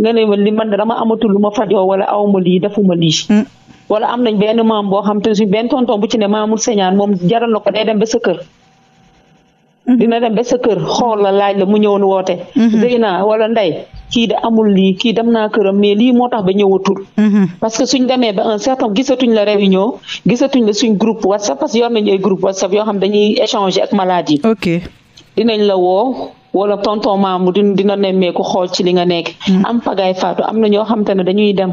nga ne li man dama amatul lu ma fajoo wala awma lii defuma lii wala am nañ benn maam boo xam te suñ benn tonton bu ci ne Mamour Segnane moom jaral na ko day dem ba sa kër. Mhm. dina dem ba sa kër xool la laaj la mu ñëw nu woote. Mhm. Zeyna wala Ndey kii da amul lii kii dem naa këram mais lii moo tax ba ñëwatul. Mhm. parce que suñ demee ba gisatuñ la réunion gisatuñ la suñ groupe WhatsApp parce que yor nañu ay groupe WhatsApp yoo xam dañuy échanger ak malade yi. ok dinañ la woo. wala tonton maamu dina nemmeeku xool ci li nga nekk. am pagaay faatu am na ñoo xam te ne dañuy dem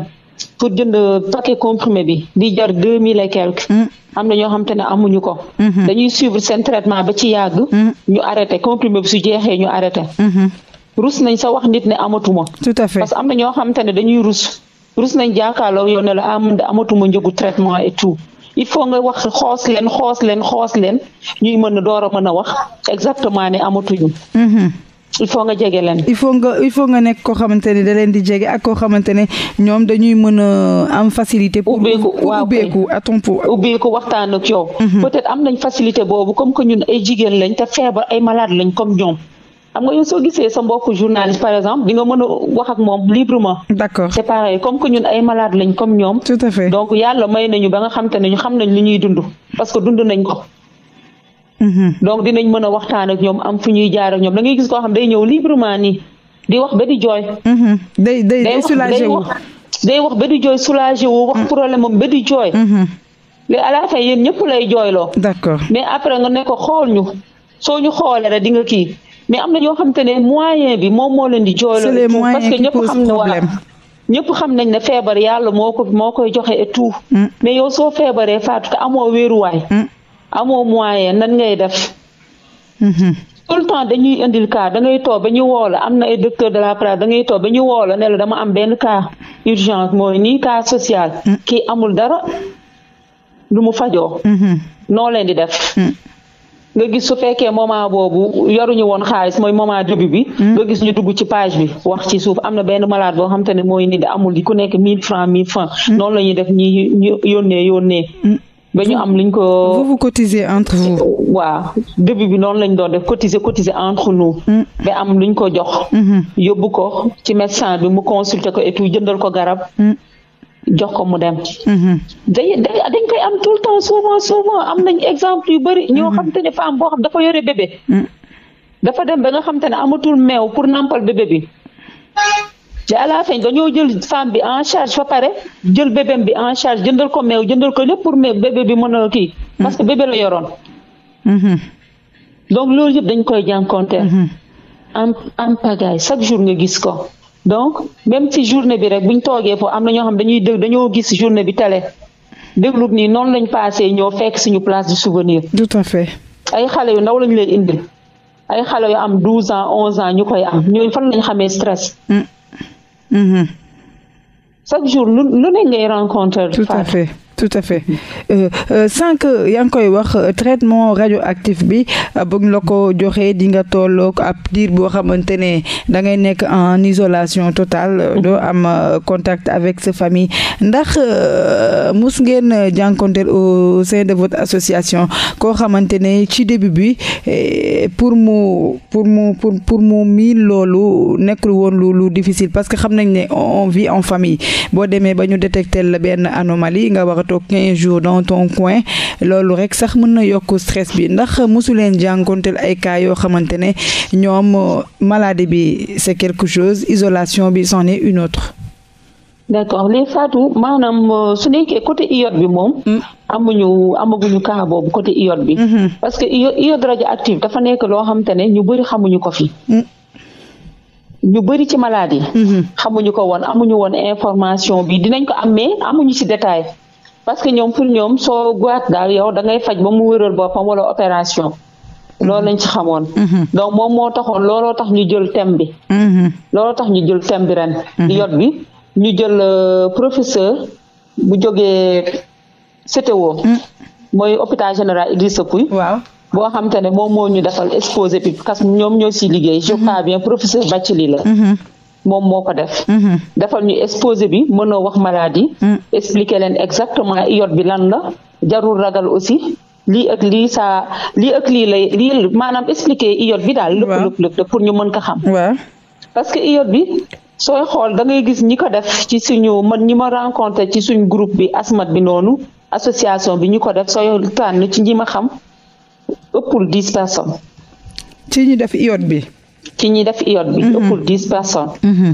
pour jënd paquet comprimé bi di jar deux mille et quelques. Mm. am na ñoo xam te ne amuñu ko. Mm-hmm. dañuy suivre seen traitement ba ci yàgg. Mm. ñu arrête comprimé bi su jeexee ñu arrêté. Mm-hmm. rus nañ sa wax nit ne amatuma. tout à fait am na ñoo xam te ne dañuy rus. rus nañ jàkkaarloo yow ne la ah man amatuma njëgu traitement et tout il faut nga wax xoos leen xoos leen xoos leen ñuy mën a door a mën a wax exactement ne amatuñu. Mm-hmm. il faut nga jege leen. il faut nga il nga nekk koo xamante ne da leen di jege ak koo xamante ne ñoom dañuy mën a am facilité. pour ubbeeku à ton pour ubbeeku waxtaan ak yow. Mhm. peut-être am nañ facilité boobu comme que ñun ay jigéen lañ te feebar ay malade lañ comme ñoom. xam nga yow soo gisee sa mbokk journaliste par exemple di nga mën a wax ak moom librement. d'accord c'est pareil comme que ñun ay malade lañ comme ñoom. tout à fait donc yàlla may nañu ba nga xam te ne ñu xam nañ lu ñuy dund. parce que dund nañ ko. donc dinañ mën a waxtaan ak ñoom am fu ñuy jaaro ñoom da ngay gis koo xam day ñëw librement nii di wax ba di jooy. Mm-hmm. day day day soulagé wu day wax ba di jooy soulagé wu wax mm-hmm. problème am ba di jooy. Mm-hmm. mais à la yéen ñëpp lay jooyloo. d'accord mais après nga ne ko xool ñu soo ñu xoolee rek di nga kii mais am na ñoo xam te ne moyen bi moom moo leen di jooyloo. parce que ñëpp xam ne wala ñëpp xam nañ ne feebar yàlla moo ko moo koy joxe et tout. Mm. mais yow soo feebaree faatu te amoo wéeruwaay. Mm. amoo moyen nan ngay def. Mm-hmm. tout le temps dañuy indil cas da ngay toog ba ñu woola am na ay docteur de la place da ngay toog ba ñu woola ne dama am benn cas urgence mooy nii cas social. Mm. kii amul dara lu mu fajoo. Mm-hmm. noo leen di def. Mm. nga gis su fekkee moment boobu yoruñu woon xaalis mooy moment début bi. Mm. nga gis ñu dugg ci page bi wax ci suuf am na benn malade boo xam te ne mooy nii da amul ku nekk mille francs mille francs. noonu la ñuy def ñu yónnee yónnee. ba am liñ ko. vous vous cotisez entre vous. bi noonu lañ doon def cotiser cotiser entre nous. Mm. ba am luñ ko jox. Mm-hmm. yobu ko ci médecin bi mu consulter ko et tout jëndal ko garab. Mm. jox ko mu dem. Mm-hmm. day dañ koy am tout le temps souvent souvent am nañ exemple yu ñoo mm-hmm. xam te ne femme boo xam dafa yore bébé. Mm. dafa dem ba nga xam te ne amatul meew pour nampal bébé bi. te à la fin dañoo jël femme bi en charge fa pare jël bébém bi en charge jëndal ko meew jëndal ko lépp pour meew bébé bi mën a kii. Mm-hmm. parce que bébé la yoroon. Mm-hmm. donc loolu yëpp dañ koy jànkonteel. Mm-hmm. am am chaque jour nga gis ko. donc même si journée bi rek bu ñu toogee foofu am na ñoo xam dañuy dégg dañoo gis journée bi télé déglu nii noonu lañ passé ñoo fekk suñu place du souvenir. tout à ay xale yu ndaw lañ leen indi ay xale yu am douze ans onze ans ñu koy am ñooñu fan lañ xamee stress. Mm. Mm-hmm. chaque jour lu lu ne ngay rencontre tout à fait tout à fait euh, euh, sànq yaa ngi koy wax euh, traitement radioactif bi bëgg la ko joxee di nga tolloog ab diir boo xamante ne da ngay nekk en isolation totale doo am contact avec sa famille ndax mus ngeen jànkonteel au sein de votre association koo xamante ne ci début bi eh, pour mu pour mu pour pour mu miin loolu nekkul woon lu lu difficile parce que xam nañ ne on vit en famille boo demee ba ñu détecter la benn anomalie nga wax toog 15 jours dans ton coin loolu rek sax mën na yokk stress bi ndax mosu leen jànkonteel ay cas yoo xamante ne ñoom euh, maladie bi c'est quelque chose isolation bi c'en est une autre. d'accord léegi Fatou maanaam euh, su nekkee côté iode bi moom. Mm. amuñu amaguñu cas boobu côté iode bi. Mm-hmm. parce que iode radioactive dafa nekk loo xamante ne ñu bari xamuñu ko fi. Mm. ñu bari ci maladie. Mm-hmm. xamuñu ko woon amuñu woon information bi dinañ ko amee amuñu ci détail. parce que ñoom pour ñoom soo boîte daal yow da ngay faj ba mu wéral boppam wala opération loolu lañ ci xamoon mm-hmm. donc moom moo taxoon looloo tax ñu jël thème bi mm-hmm. looloo tax ñu jël thème bi ren mm-hmm. yot bi ñu jël euh, professeur bu jógee CTO mm. mooy hôpital général Idrissa Pouye waaw boo xam te ne moom moo ñu defal exposé bi parce ñoom ñoo si liggéey je crois bien professeur Bathily la moom moo ko def. Mhm. defal ñu exposé bi mën mënoo wax maladie. Mm. expliqué leen exactement iode bi lan la jarul ragal aussi. lii ak li saa lii ak lii lay lii maanaam expliquer iode bi daal. waaw lëpp lëpp lëpp pour ñu mën ko xam. waaw parce que iode bi sooy xool da ngay gis ñi ko def ci suñu man ñi ma rencontré ci suñu groupe bi asmat bi noonu association bi ñu ko def sooy tànn ci ñi ma xam ëppul dix personnes. ci ñu def iode bi. ci ñi def iode bi mhm. ëppul dix personnes mhm.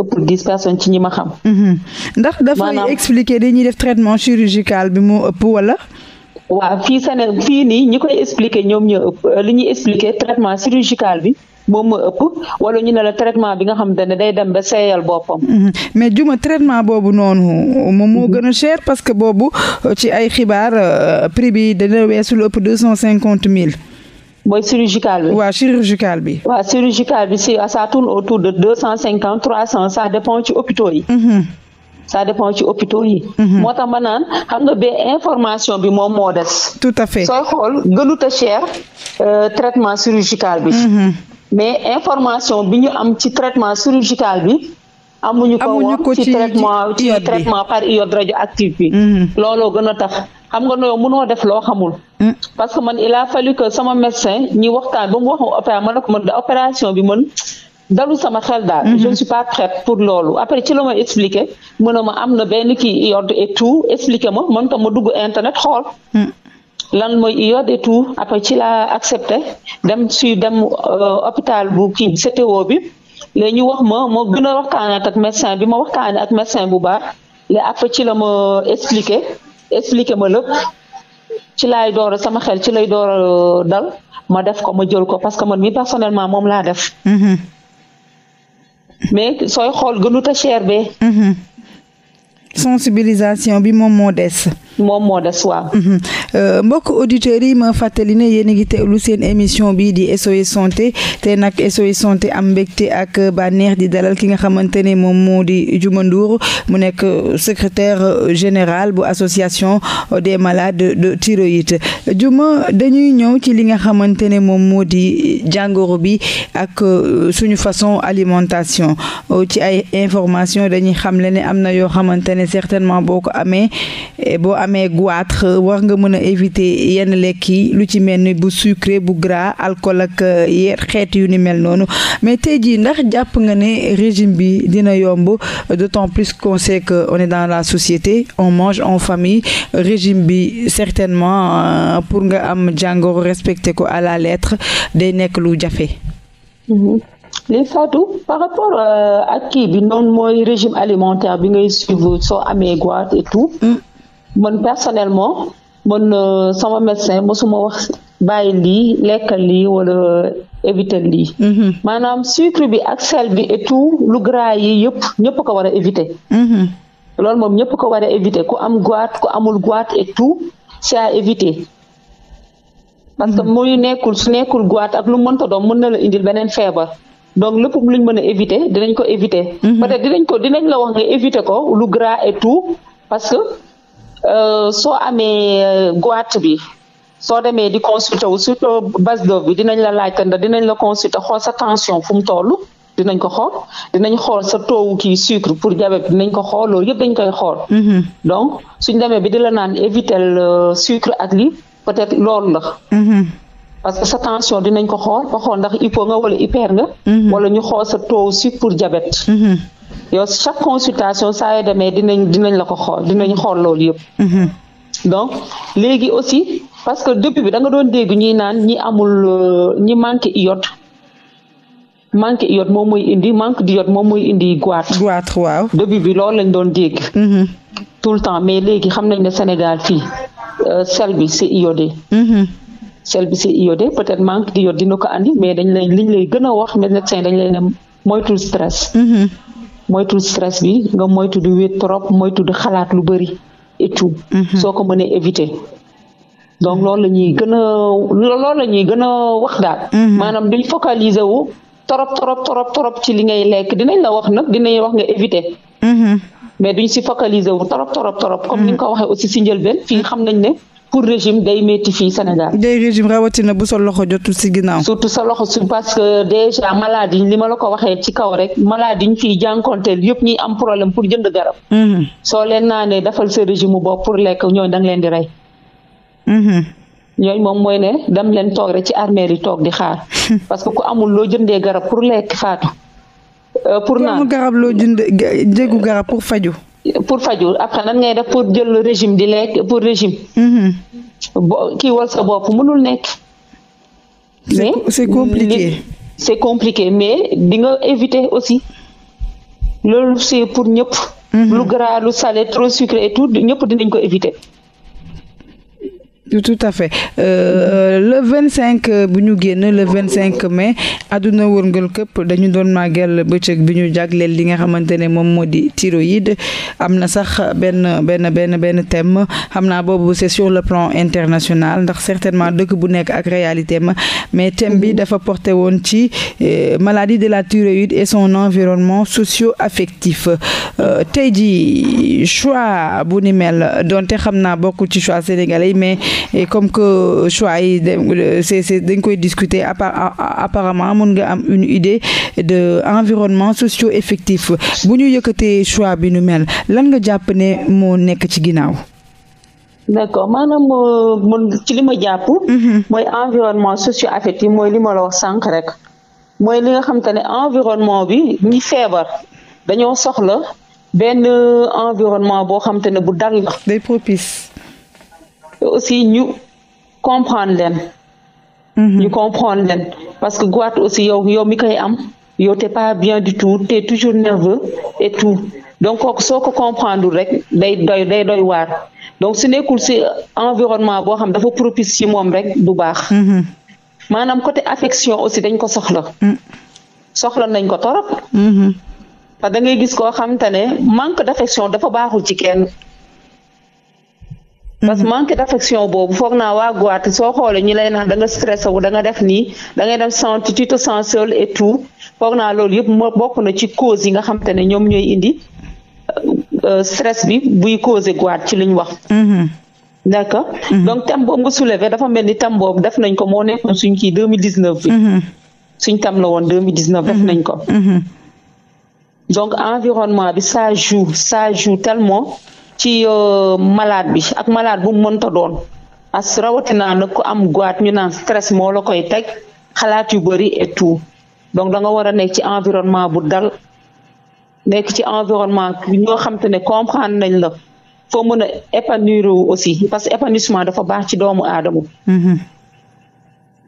ëppul dix personnes ci ñi ma xam mhm. ndax dafay expliquer dañuy def traitement chirurgical bi mu ëpp wala waaw fii Sénégal fii nii ñi koy expliquer ñoom ñoo ëpp li ñuy expliquer traitement chirurgical bi moom moo ëpp wala ñu ne la traitement bi nga xam ne day dem ba seeyal boppam. mais juma traitement boobu noonu moom moo gën a cher parce que boobu ci ay xibaar euh, prix bi dana weesu lu ëpp deux cent cinquante mille. mooy chirurgical bi. waaw chirurgical bi. waaw chirurgical bi si ça tourne autour de deux dépend ci hôpitaux yi. ça dépend ci hôpitaux yi. Mm-hmm. Mm-hmm. moo tax ma naan xam nga ba information bi moom moo des. tout à fait sooy xool gënut a cher euh, traitement chirurgical bi. Mm-hmm. mais information bi ñu am ci traitement chirurgical bi. amuñu ko woon ci traitement ci traitement par iode bi. looloo gën a tax. xam nga noo mënoo def loo xamul. Mm. parce que man il a sama médecin ñi waxtaan ba mu wax opéra ma ne ko man opération bi man dalu sama xel daal. Mm-hmm. je ne suis pas prête pour loolu après ci la ma expliqué mu ne ma am na benn kii iode et tout expliqué ma man tam ma dugg internet xool. Mm. lan mooy iode et tout après ci laa accepté dem su dem euh, hôpital bu kii CTO bi léegi ñu wax ma ma gën a waxtaanee ak médecin bi ma waxtaanee ak médecin bu baax léegi après ci la ma expliqué. expliqué ma lépp ci laay door a sama xel ci lay door dal ma def ko ma jël ko parce que man mi personnellement moom laa def. Mm-hmm. mais sooy xool gënut a cher be. Mm-hmm. sensibilisation bi moom moo des. moom moo des waaw. Mhm. Euh, mbokk auditeurs yi ma fàttali ne yéen a ngi lu seen émission bi di SOS santé te nag SOS santé am mbégte ak bànneex di dalal ki nga xamante ne moom moo di Diouma Ndour mu nekk secrétaire général bu association des malades de thyroïde Diouma dañuy ñëw ci li nga xamante ne moom moo di jàngoro bi ak euh, suñu façon alimentation euh, ci ay information dañuy xamle ne am na yoo xamante ne certainement boo ko amee eh, boo amee goitre war nga mën a éviter yenn lekk yi lu ci mel ni bu sucré bu gras alcool ak euh, yee xeet yu ni mel noonu mais te jii ndax jàpp nga ne régime bi dina yomb d'autant plus qu'on sait que on est dans la société on mange en famille régime bi certainement euh, pour nga am jàngoro respecté ko à la lettre day nekk lu jafe. léegi mm-hmm. euh, bi noonu man personnellement man euh, sama médecin mosuma wax bàyyi lii lekkal lii wala éviter lii. Mhm. maanaam sucre bi ak sel bi et tout lu gras yii yëpp ñëpp ko war a éviter. Mhm. loolu moom ñëpp ko war a éviter ku am goitre ku amul goitre et tout c'est à éviter. parce que mhm. muy nekkul su nekkul goitre ak lu mënta doon mën na la indil beneen feebar. donc lépp luñ mën a éviter dinañ ko éviter. peut-être ko dinañ la wax nga éviter ko lu gras et parce Euh, soo amee euh, goite bi soo demee di consulter wu surtout base doof bi dinañ la laaj que dinañ la consulter xool sa tension fu mu toll. dinañ ko xool dinañ xool sa toowu kii sucre pour diabète dinañ ko xool loolu yëpp dañ koy xool. Mm-hmm. donc suñ demee bi di la naan éviter euh, sucre ak lii peut-être loolu la. Mm-hmm. parce que sa tension dinañ ko xool ba xool ndax hypo nga wala hyper mm-hmm. ñu xool sa taux sucre pour diabète. yow chaque consultation saa yoo demee dinañ dinañ la ko xool dinañ xool loolu yëpp. Mhm. donc léegi aussi parce que depuis bi da doon dégg ñuy naan ñi amul euh, ñi manqué iode manqué iode moom mooy indi manque d'iode moom mooy indi goitre. goitre waaw début bi loolu lañ doon dégg. Mhm. tout le temps mais léegi xam nañ ne Sénégal fii euh, sel bi c'est de mhm. sel bi c'est iodé peut-être manque d'iode dina ko andi mais dañ lay liñ lay gën a wax médecin dañ lay ne moytul stress. moytul stress bi nga moytu di wéet trop moytu di xalaat lu bëri et tout. Mhm. soo ko mënee éviter. donc loolu la ñuy gën a loolu la ñuy gën a wax daal. Mhm. maanaam di focaliser wu trop trop trop trop ci li ngay lekk dinañ la wax nag dinañ wax nga éviter. Mhm. mais duñ si focaliser wu trop trop trop. comme ni nga ko waxee aussi si njëlbeen fii xam nañ ne. pour régime day métti fii Sénégal. day régime rawatina bu sa loxo jotul si ginnaaw. surtout sa loxo su parce que déjà malade yi li ma waxee ci kaw rek malade yi ñu fiy jànkonteel am problème pour jënd garab. Mm-hmm. soo leen naanee dafal sa régime bu bopp pour lekk ñooñu da nga leen di rey. Mm-hmm. ñooñu moom mooy ne dam leen toog rek ci armée yi toog di xaar. <laughs> parce que ku amul loo jëndee garab pour lekk faatu. Euh, pour naan pour faju après nan ngay def pour jël régime di lekk pour régime. Mhm. bo kii wal sa bopp mënul nekk. mais c'est compliqué. c'est compliqué mais di nga éviter aussi loolu c'est pour ñëpp. Mhm. lu gras lu salé trop sucré tout ñëpp dinañ ko éviter. tout à fait euh, le vingt cinq euh, bu ñu génn le vingt cinq mai adduna wërngal këpp dañu doon màggal bëccëg bi ñu jagleel li nga xamante ne moom moo di thyroïde am na sax benn benn benn benn thème xam naa boobu c'est sur le plan international ndax certainement dëkk bu nekk ak réalité ma mais thème bi dafa porté woon ci euh, maladie de la thyroïde et son environnement socio-affectif tey ji choix bu ni mel donte xam naa bokk ci choix sénégalais mais et comme que choix yi c'est dañ koy discuter apparemment mën nga am une idée de environnement socio effectif bu ñu yëkkatee choix bi nu mel lan nga jàpp ne moo nekk ci ginnaaw d'accord maanaam euh, mun ci li ma jàpp mm-hmm. mooy environnement socio affectif mooy li ma la wax sànq rek mooy li nga xam te ne environnement bi ñi feebar dañoo soxla benn euh, environnement boo xam te ne bu dal la propice aussi ñu comprendre leen mhm. ñu comprendre leen parce que goitre aussi yow yow mi koy am yow te pas bien du tout te toujours nerveux et tout donc kooku soo ko comprendre rek day doy day doy waar donc su nekkul ci environnement boo xam dafa propice ci moom rek du baax mhm. maanaam côté affection aussi dañ ko soxla mm. soxla nañ ko torop mhm. parce que da ngay gis koo xam te ne manque d'affection dafa baaxul ci kenn parce que manque d'affection boobu foog naa waa Guaté soo xoolee ñu lay naa da nga stressé wu da def nii da ngay dem senti tu te sens seul et tout foog naa loolu yëpp moo bokk na ci cause yi nga xam te ne ñoom ñooy indi euh, euh, stress bi buy causé Guaté ci li ñu wax. Mm-hmm. d'accord mm-hmm. donc thème boobu nga soulevé dafa mel ni thème boobu def nañ ko moo nekkoon suñ kii 2019 bi. Mm-hmm. suñ tam la woon 2019 def nañ ko. donc environnement bi ça joue ça joue tellement. ci euh, malade bi ak malade bu mu mënta doon as rawatina nag ku am goiat ñu naan stress moo la koy teg xalaat yu bëri et tout donc da nga war a nekk ci environnement bu dal nekk ci environnement ñoo xam te ne comprendre nañ la foo mën a épanouir aussi parce que épanouissement dafa baax ci doomu aadama mm-hmm.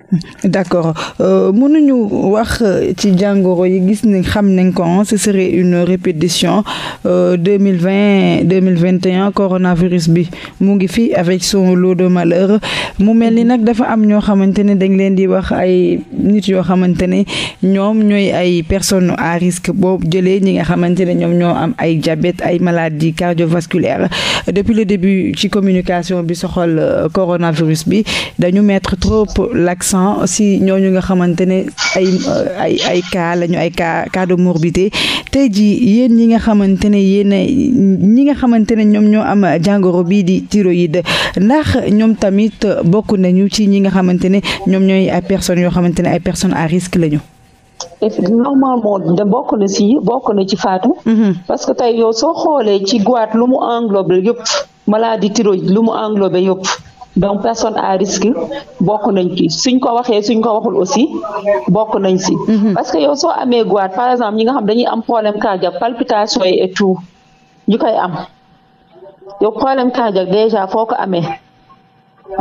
<laughs> d'accord euh, mënuñu wax ci jàngoro yi gis ni xam nañ ko ce serait une répétition euh, deux mille vingt deux mille vingt et un coronavirus bi mu ngi fi avec son lot de malheur mu mel ni nag dafa am ñoo xamante ne dañ leen di wax ay nit yoo xamante ni ñoom ñooy ay personnes à risque boo jëlee ñi nga xamante ne ñoom ñoo am ay diabète ay maladies cardiovasculaires depuis le début ci communication bi soxol euh, coronavirus bi dañu mettre trop l'accent cent si ñooñu nga xamante ne ay ay ay cas lañu ay cas cas de morbidité tey jii yéen ñi nga xamante ne yéen ñi nga xamante ne ñoom ñoo am jàngoro bii di thyroïde ndax ñoom tamit bokk nañu ci ñi nga xamante ne ñoom ñooy ay personnes yoo xamante ne ay personnes à risque lañu. normalement da bokk na si bokk na ci faatu. Mhm. parce que tey yow soo xoolee ci goiat lu mu englobé yëpp maladie thyroïde lu mu englobé yëpp. donc personne à risque bokk nañ ci suñ ko waxee suñ ko waxul aussi bokk nañ si. Mhm. parce que yow soo amee goitre par exemple ñi nga xam dañuy am problème cardiaque palpitation yi et tout ñu koy am yow problème cardiaque déjà foo ko amee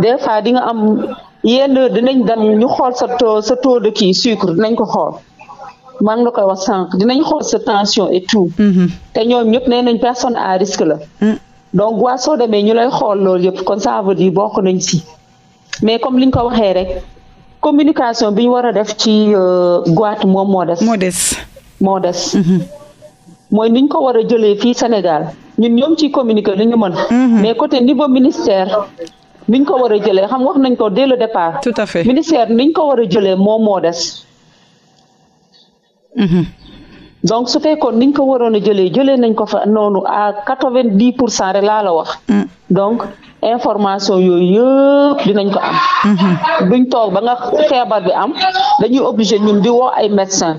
des fois di nga am yenn dinañ dem ñu xool sa taux sa taux de kii sucre dinañ ko xool. maa ngi la koy wax sànq dinañ xool sa tension et tout. Mhm. te ñoom ñëpp nee nañ personne à risque la. Mm. donc waa soo demee ñu lay xool loolu yëpp kon ça veut bokk nañ si mais comme li nga ko waxee rek communication bi ñu war a def ci euh, Guatt moom moo des. moo des moo des. Mm-hmm. mooy ni ko war a jëlee fii Sénégal ñun ñoom ci communiqué lu ñu mën. Mm-hmm. mais côté niveau ministère. ni ñu ko war a jëlee xam wax nañ ko dès le départ. tout à fait ministère ni ko war a jëlee moom moo des. Mm-hmm. donc su fekkoon ñu ko waroon a jëlee jëlee nañ ko fa noonu à quatre-vingt-dix pour cent rek laa la wax. Mm. donc information yooyu yëpp dinañ ko am. Mm-hmm. duñ toog ba nga feebar bi am dañuy obligé ñun di woo ay médecin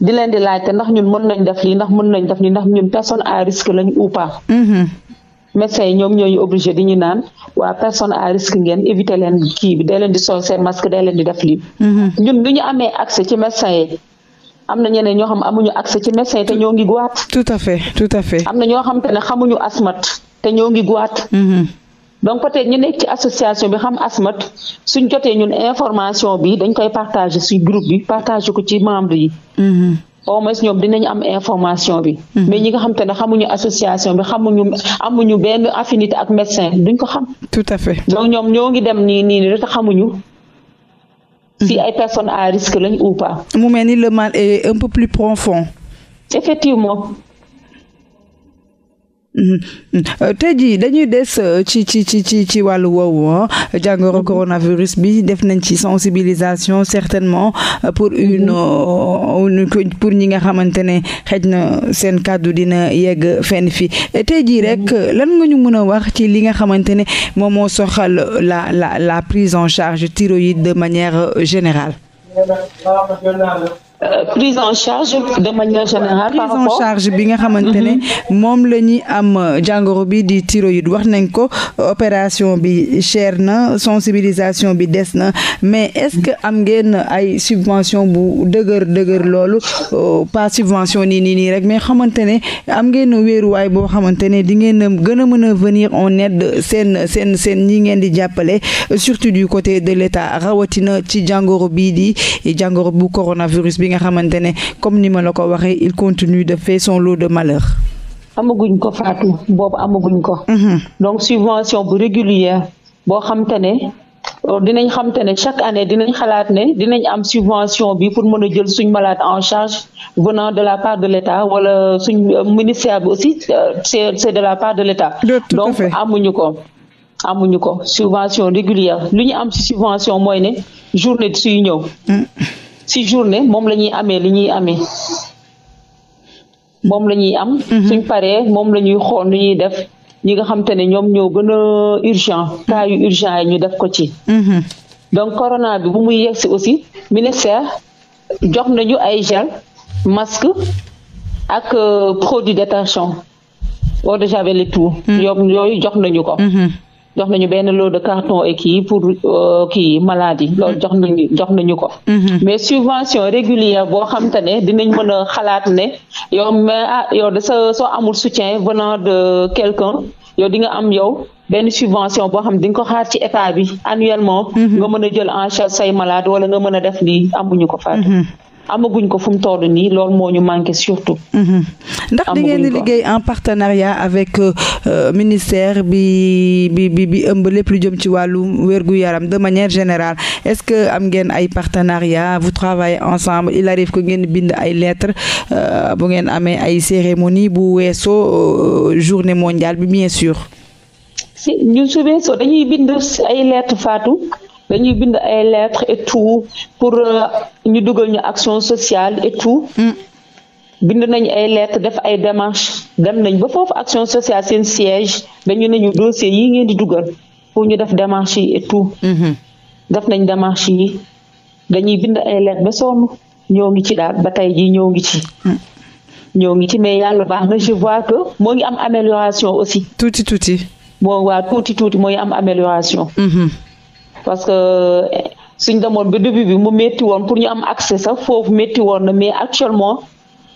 di leen di laajte ndax ñun mën nañ def lii ndax mën nañ def lii ndax ñun personne à risque lañ ou pas. Mm-hmm. médecins yi ñoom ñooñu obligé di ñu naan waa personne à risque ngeen éviter leen kii bi day leen di sol seen masque day leen di def lii. Mm-hmm. ñun du ñu amee accès ci médecin yi. am na ñeneen ñoo xam amuñu accès ci médecin te ñoo ngi guwaat. tout à fait tout à fait. am na ñoo xam te xamuñu ñoo ngi guwaat. Mm-hmm. donc peut ñu nekk ci association bi xam asmat suñ jotee ñun information bi dañ koy partager suñ groupe bi partager ko ci membre yi. Mm-hmm. au moins ñoom dinañ am information bi. Mm-hmm. mais ñi nga xam te ne xamuñu association bi xamuñu amuñu benn affinité ak médecin duñ ko xam. tout à fait donc ñoom ñoo ngi dem nii nii xamuñu. si mhm. ay personnes à risque lañ ou pas. mu mel ni le mal est un peu plus profond. effectivement. Mm-hmm. Mm-hmm. Euh, te jii dañuy des euh, ci ci ci ci ci wàllu woowu jàngoro mm-hmm. coronavirus bi def nañ ci sensibilisation certainement euh, pour une pour ñi nga xamante ne xëj na seen kàddu dina yegg fenn fi te jii rek lan nga ñu mën a wax ci li nga xamante ne moom moo soxal la la la prise en charge thyroïde de manière générale. Eh Euh, prise en charge de bi nga xamante ne mhm. moom la ñuy am euh, jàngoro bii di thyroïde wax nañ ko opération bi cher na sensibilisation bi des na mais est-ce que am ngeen ay subvention bu dëgër dëgër loolu euh, pas subvention nii nii nii rek mais xamante ne am ngeen wéeruwaay boo xamante ne di ngeen a gën a mën a venir en aide seen seen seen ñi ngeen di jàppale surtout du côté de l'État rawatina ci jàngoro bii di jàngoro bu coronavirus bi. nga xamante ne comme ni ma la ko waxee il continue de faire son lot de malheur. amaguñ ko Fatou boobu amaguñ ko. Mhm. donc subvention bu régulière boo xam ne dinañ xam ne chaque année dinañ xalaat ne dinañ am subvention bi pour mën a jël suñ malade en charge venant de la part de l'État wala suñ euh, ministère bi aussi euh, c'est c'est de la part de l'État. donc amuñu ko. amuñu ko subvention régulière lu ñu am ci subvention mooy ne journée suy ñëw. Mm. ci journée moom la ñuy amee li ñuy amee moom la ñuy am. Mhm. suñ pare moom la ñuy xool nu ñuy def ñi nga xam te ne ñoom ñoo gën a urgent cas yu urgent yi ñu def ko ci. Mhm. donc corona bi bu muy yegsi aussi ministère jox nañu ay gel masque ak euh, produit détention eau de javel et tout. Mhm. yooyu jox nañu ko. jox nañu benn lot de carton et kii pour euh, kii maladie mm-hmm. loolu jox nañu jox nañu ko. Mm-hmm. mais subvention régulière boo xam te ne dinañ mën a xalaat ne yow mais ah yow de so soo amul soutien venant de quelqu'un yow di nga am yow benn subvention boo xam ne nga ko xaar ci état bi annuellement. Mm-hmm. nga mën a jël en charge say malade wala nga mën a def lii amuñu ko faatu. amaguñ ko fu mu toll nii loolu moo ñu manqué surtout. Mhm. ndax da ngeen di liggéey en partenariat avec euh, euh, ministère bi bi bi ëmb lépp lu jëm ci wàllu wérgu yaram de manière générale est-ce que am ngeen ay partenariat vous travaillez ensemble il arrive que ngeen bind ay lettres euh, bu ngeen amee ay cérémonie bu weeso journée mondiale bi bien sûr. si ñun su dañuy bind ay lettres Fatou. dañuy bind ay lettres et tout pour euh, ñu dugal ñu action sociale et tout. Mm. bind nañ ay lettres def ay démarches dem nañ ba foofu action sociale seen siège dañu nañu ñu yi ngeen di dugal pour ñu def démarches yi et tout. Mm-hmm. def nañ démarches yi dañuy bind ay lettres ba sonn ñoo ngi ci daal ba tey jii ñoo ngi ci. Mm. ñoo ngi ci mais yàlla baax na je vois que moo ngi am amélioration aussi. touti tuuti. bon tuuti tuuti moo ngi am amélioration. Mm parce que eh, suñ demoon ba début bi mu métti woon pour ñu am accès sax foofu métti woon na mais actuellement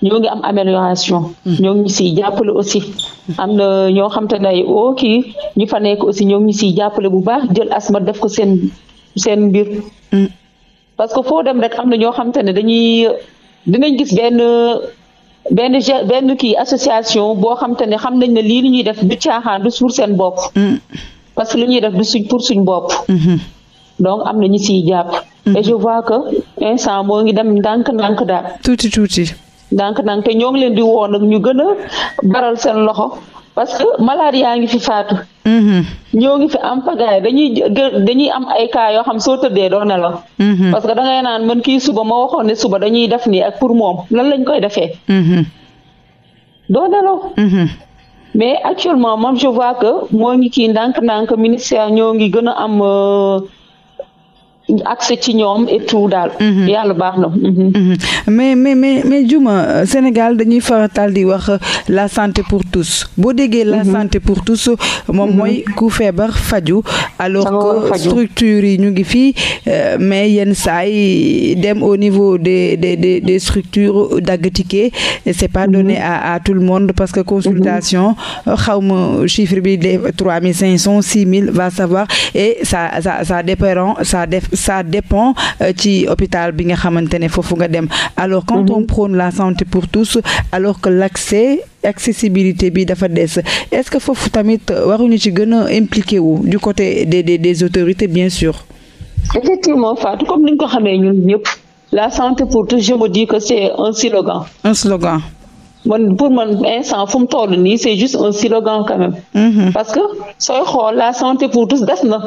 ñoo ngi am amélioration. Hmm. ñoo ngi siy jàppale aussi. am na ñoo xam te ne ay oo kii ñu fa nekk aussi ñoo ngi siy jàppale bu baax jël asma def ko seen seen mbir. Hmm. parce que foo dem rek am na ñoo xam ne dañuy dinañ gis benn benn benn kii association boo xam te ne xam nañ ne lii lu ñuy def du caaxaan du suur seen bopp. Hmm. parce que lu ñuy def du suñ pour suñ bopp. donc am na ñu siy jàpp. et mhm. je vois que instant moo ngi dem ndànk-ndànk daal. tuuti tuuti. ndànk-ndànk te ñoo ngi leen di woon nag ñu gën a baral seen loxo parce que malade yaa ngi fi faatu. Mhm. ñoo ngi fi am pagaay dañuy dañuy am ay cas yoo xam soo tëddee doo nelaw. Mhm. parce que da ngay naan man kii suba ma waxoon ne suba dañuy def nii ak pour moom lan lañ koy defee. doo nelaw. mais actuellement moom je vois que moo ngi kii ndànk-ndànk ministère ñoo ngi gën a am. Euh, accès ci ñoom et tout daal. Mhm. yàlla baax na. Mhm. Mhm. mais mais mais mais Diouma Sénégal dañuy faratal di wax la santé pour tous boo déggee la santé pour tous moom mooy ku feebar faju alors que structures yi ñu ngi fii euh, mais yenn saa yi dem au niveau des des de des structures dagg ticket c'est pas donné à à tout le monde parce que consultation xaw ma chiffre bi de trois mille cinq cents six mille va savoir e ça ça ça dépend ça dépend ça dépend euh, ci hôpital bi nga xamante ne foofu nga dem alors quand mhm. on prône la santé pour tous alors que l'accès accessibilité bi dafa des est-ce que foofu tamit waruñu ci gën a impliqué wu du côté des des des autorités bien sûr effectivement Fatou comme ni ñu ko xamee ñun ñëpp la santé pour tous je me dis que c'est un slogan un slogan man pour man mhm. parce que sooy xool la santé pour tous des na.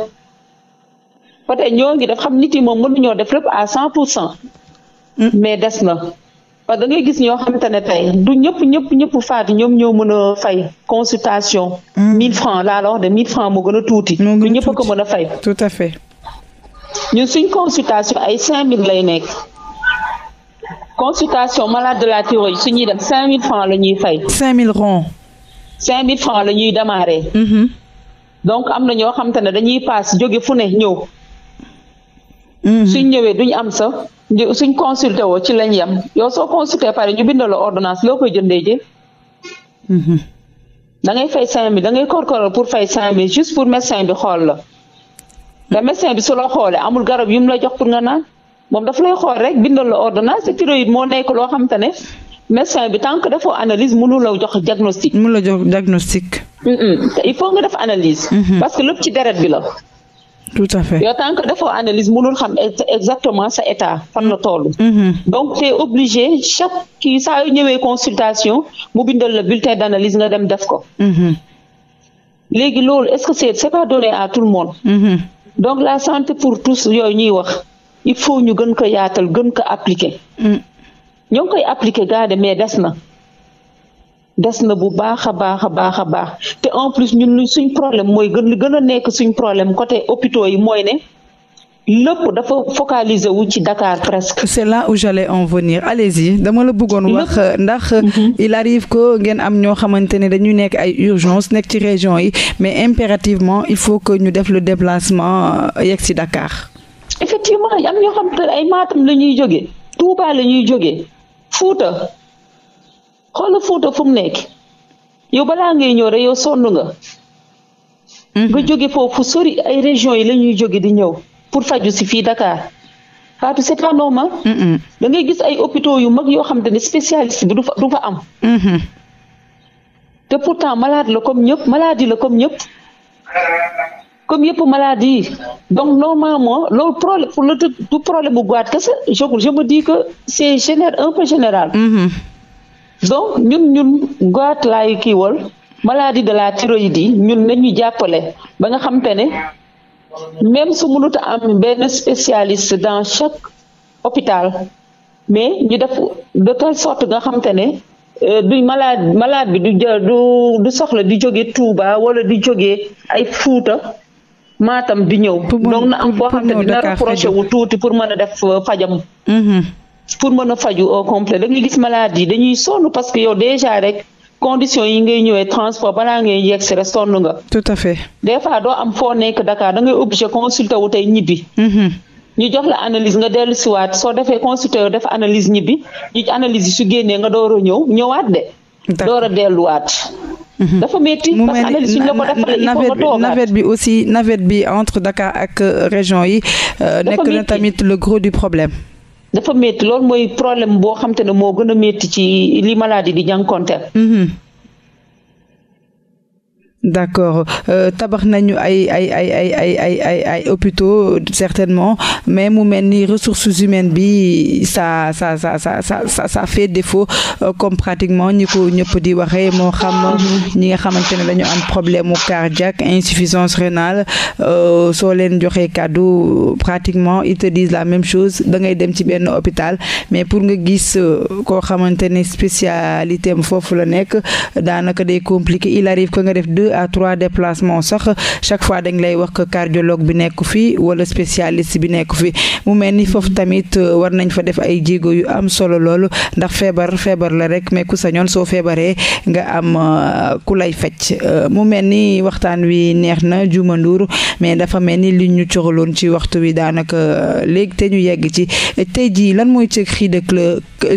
ba tey ñoo ngi def xam nit yi moom ñoo def lépp à cent pour cent mm. mais des na parce que da ngay gis ñoo xamante ne tey du ñëpp ñëpp ñëpp faatu ñoom ñoo mën a fay consultation mm. mille francs laa la wax de mille francs moo gën a tuuti du ñëpp ko mën a fay tout à fait ñun suñ consultation ay cinq mille lay nekk consultation malade de la thyroïde su ñuy dem cinq mille francs la ñuy fay. cinq mille ronds. cinq mille francs la ñuy démarrer. Mm-hmm. donc am na ñoo xamante ne dañuy paas joge fu ne ñëw. Mhm. suñ ñëwee duñ am sax suñ consulté woo ci lañ yem yow soo consulté pare ñu bindal la ordonnance loo koy jëndee ji mhm. da ngay fay cinq mille da ngay korkoral pour fay cinq mille juste pour médecin bi xool la te médecin bi su la xoolee amul garab yu mu la jox pour nga naan moom daf lay xool rek bindal la ordonnance thyroïde moo nekk loo xam te ne médecin bi tant que defoo analyse mënu la jox diagnostic. mënu la jox diagnostic. il faut nga def analyse. Mhm. parce que lépp ci deret bi la. tout à fait yow tant que defoo analyse mënul xam exactement sa état fan la toll. Mm-hmm. donc t'es obligé chaque kii saa yu ñëwee consultation mu bindal la bulletin d'analyse nga dem def ko. Mm-hmm. léegi loolu est-ce que c'est c'est pas donné à tout le monde. Mm-hmm. donc la santé pour tous yooyu ñuy wax il ñu gën ko yaatal gën ko appliquer. Mm. ñoo koy appliquer gaa mais des na. des na bu baax a baax a baax a baax te en plus ñun lu suñ problème mooy gën gën a nekk suñ problème côté hôpitaux yi mooy ne lépp dafa focaliser wu ci Dakar presque. c'est là où j'allais en venir allez-y dama la bëggoon wax. ndax mhm. il arrive que ngeen am ñoo xamante ne dañuy nekk ay urgence nekk ci région yi mais impérativement il faut que ñu def le déplacement euh, yegg si dakaar effectivement am ñoo xam te ay Matam la ñuy jógee Touba la ñuy jógee Fouta xoola Fuuta fu mu nekk yow balaa ngay ñëw rek yow sonn nga mhm. nga jóge foofu sori ay régions yi la ñuy jóge di ñëw pour faju si fii Dakar Fatou c'est pas normal da ngay gis ay hôpitaux yu mag yoo xam te ne spécialiste bi du fa du fa am mm-hmm. te pourtant malade la comme ñëpp maladie la comme ñëpp comme yëpp maladie yi donc normalement loolu problème pour le du problème bu gwaat kese je je me dis que c'est général un général mm-hmm. donc ñun ñun goat laay kiiwal maladie de la thyroïde yi ñun nañu jàppale ba nga xam ne même su mënut am benn spécialiste dans chaque hôpital mais ñu def de telle nga xam te ne euh, du malade malade bi du du du soxla di jóge Touba wala di jóge ay Fuuta Matam bi ñëw donc na am koo xam te dina rapproché wu tuuti pour mën a def euh, fajam mhm. pour mën a faju au complet da gis maladie yi dañuy sonn parce que yow déjà rek condition yi ngay ñëwee transport balaa ngay yegg si nga. tout à fait. des fois doo am foo nekk Dakar da ngay obligé consulter wu tey ñibbi. Mm-hmm. ñu jox la analyse nga dellu si waat soo defee consulter wu def analyse ñibbi ñu analyse yi su génnee nga door a ñëw ñëwaat de. door a delluwaat. Mm-hmm. dafa métti parce que analyse suñ la navette bi aussi navette bi entre Dakar ak euh, région yi. Euh, nekk na tamit le gros problème. dafa métti lool mooy problème boo xam te ne moo gën a métti ci li maladie di jànkonteel. Mm-hmm. d' accord euh, tabax nañu ay ay ay ay ay ay ay ay hôpitaux certainement mais mu mel ni ressources humaines bi sa sa ça sa sa ça fait défaut euh, comme pratiquement ñi ko ñëpp di waxee moo xam ñi nga xamante ne dañu am problème mu cardiaque insuffisance rénale euh, soo leen joxee kàddu pratiquement ils te disent la même chose da ngay dem ci benn hôpital mais pour nga gis koo xamante ne spécialité am foofu la nekk daanaka day compliqué il arrive que nga def deux à trois déplacements sax chaque fois dañ lay wax que cardiologue bi nekk fi wala spécialiste bi nekk fi mu mel ni foofu tamit euh, war nañ fa def ay jigo yu am solo loolu ndax feebar feebar la rek mais ku sañoon soo feebaree nga am euh, ku lay fecc euh, mu mel ni waxtaan wi neex na juma Ndour mais dafa mel ni li ñu coxaloon ci waxtu wi daanaka léegi te ñu yegg ci tey jii lan mooy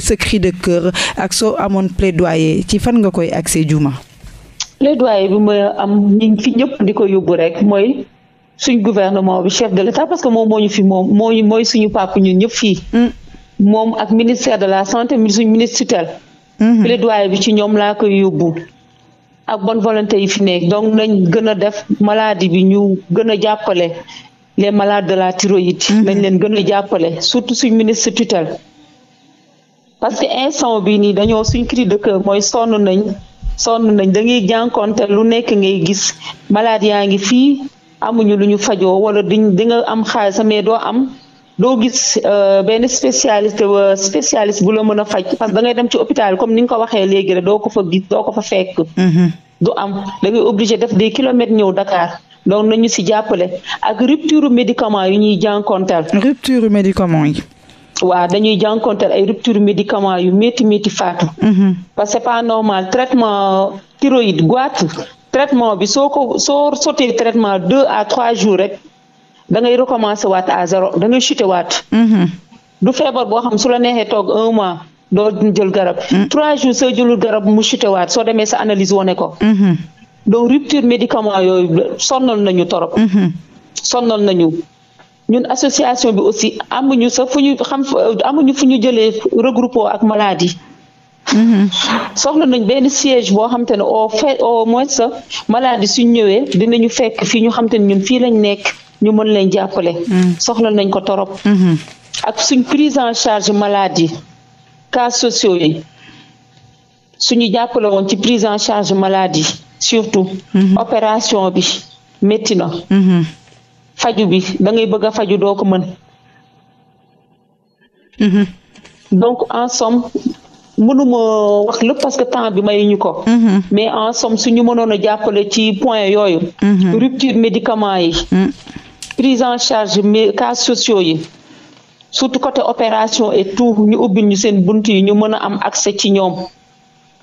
sa cri de cœur ak soo amoon plaidoyer ci fan nga koy accès Diouma plaidoyer bi ma am ñi fi ñëpp di ko yóbbu rek mooy suñ gouvernement bi chef de l'État parce que moom moo ñu fi moom mooy mooy suñu pàpp ñun ñëpp fii mm. moom ak ministère de la santé suñ ministre tutelle mm-hmm. bi ci ñoom laa koy yóbbu ak bonne volonté yi fi nekk donc nañ gën a def maladie bi ñu gën a jàppale les malades de la thyroïde mm-hmm. nañ leen gën jàppale surtout suñ ministre tutelle parce que instant bi nii dañoo suñ cri de mooy sonn nañ sonn nañ dangay jànkoonte lu nekk ngay gis malade yaa ngi fii amuñu lu ñu fajoo wala diñ di nga am xaalis mais doo am doo gis euh, benn spécialiste euh, spécialiste bu la mën a faj parce que da ngay dem ci hôpital comme ni nga ko waxee léegi rek doo ko fa gis doo ko fa fekk mm-hmm. du am da ngay obligé def des kilomètres ñëw Dakar donc nañu si jàppale ak rupture médicament yu ñuy jànkonteel rupture médicament yi waaw dañuy jànkonteel ay rupture médicament yu métti métti faatu mm-hmm. parce que c'est pas normal traitement thyroïde goitre traitement bi soo ko soo sotee traitement deux à trois jours rek da ngay recommencer waat à zéro da ngay chuter waat mm-hmm. du feebar boo xam su la neexee toog un mois doo jël garab mm. trois jours soo jëlul garab mu chuter waat soo demee sa analyse wone ko mm-hmm. donc rupture médicament yooyu sonnal nañu torop sonnal nañu ñun association bi aussi amuñu sa fu ñu xam amuñu fu ñu jëlee regroupement ak maladie. Mm-hmm. soxla nañ benn siège boo xam te ne au fait au moins sa maladie suñ ñëwee dinañu fekk fii ñu xam te ñun fii lañ nekk ñu mën leen jàppale. Mm. soxla nañ ko torop. Mm-hmm. ak suñ prise en charge maladie cas sociaux yi suñu jàppale woon ci prise en charge maladie surtout. Mm-hmm. opération bi métti na. faju bi da ngay bëgg a faju doo ko mën mhm. donc en somme mënuma wax lépp parce que temps bi mayuñu ko mhm. mais en su ñu mënoon a jàppale ci point yooyu mhm. rupture médicament yi prise en charge cas sociaux yi surtout côté opération et tout ñu ubbil ñu seen bunt yi ñu mën a am accès ci ñoom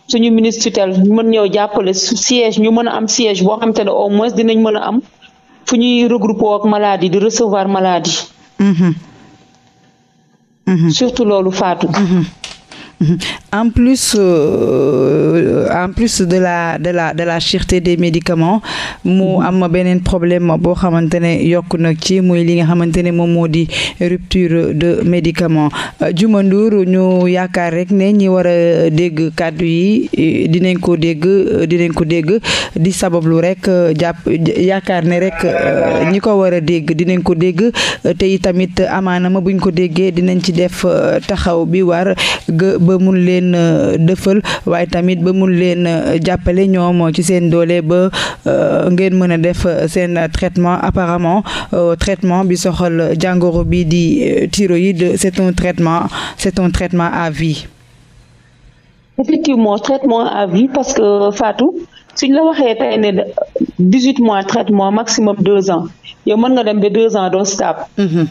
suñu ministre tutelle mën ñëw jàppale siège ñu mën a am siège boo xam te ne au moins dinañ mën a am fu ñuy regrouper ak maladie di recevoir maladie. Mm-hmm. Mm-hmm. surtout loolu faatu. Mm-hmm. en plus euh, euh, en plus de la de la de la cherté des médicaments mu mm-hmm. am ma beneen problème boo xamante ne yokk nag ci muy li nga xamante ne moom moo di rupture de médicament Diouma euh, ñu yaakaar rek ne ñi war a dégg kàddu yi dinañ ko dégg dinañ ko dégg di sabablu rek jàpp yaakaar ne rek euh, ñi ko war dégg dinañ ko dégg te itamit amaana ma buñ ko déggee dinañ ci def taxaw bi war ba mun leen leen euh, dëfal waaye tamit ba mu leen euh, jàppale ñoom ci seen doole ba euh, ngeen mën a def seen traitement apparemment traitement bi soxal jàngoro bi di thyroïde c'est un traitement c'est un traitement à vie. effectivement traitement à vie parce que Fatou si la waxe tey ne dix-huit mois traitement maximum deux ans yow mën nga dem ba deux ans doo stable. Mm-hmm.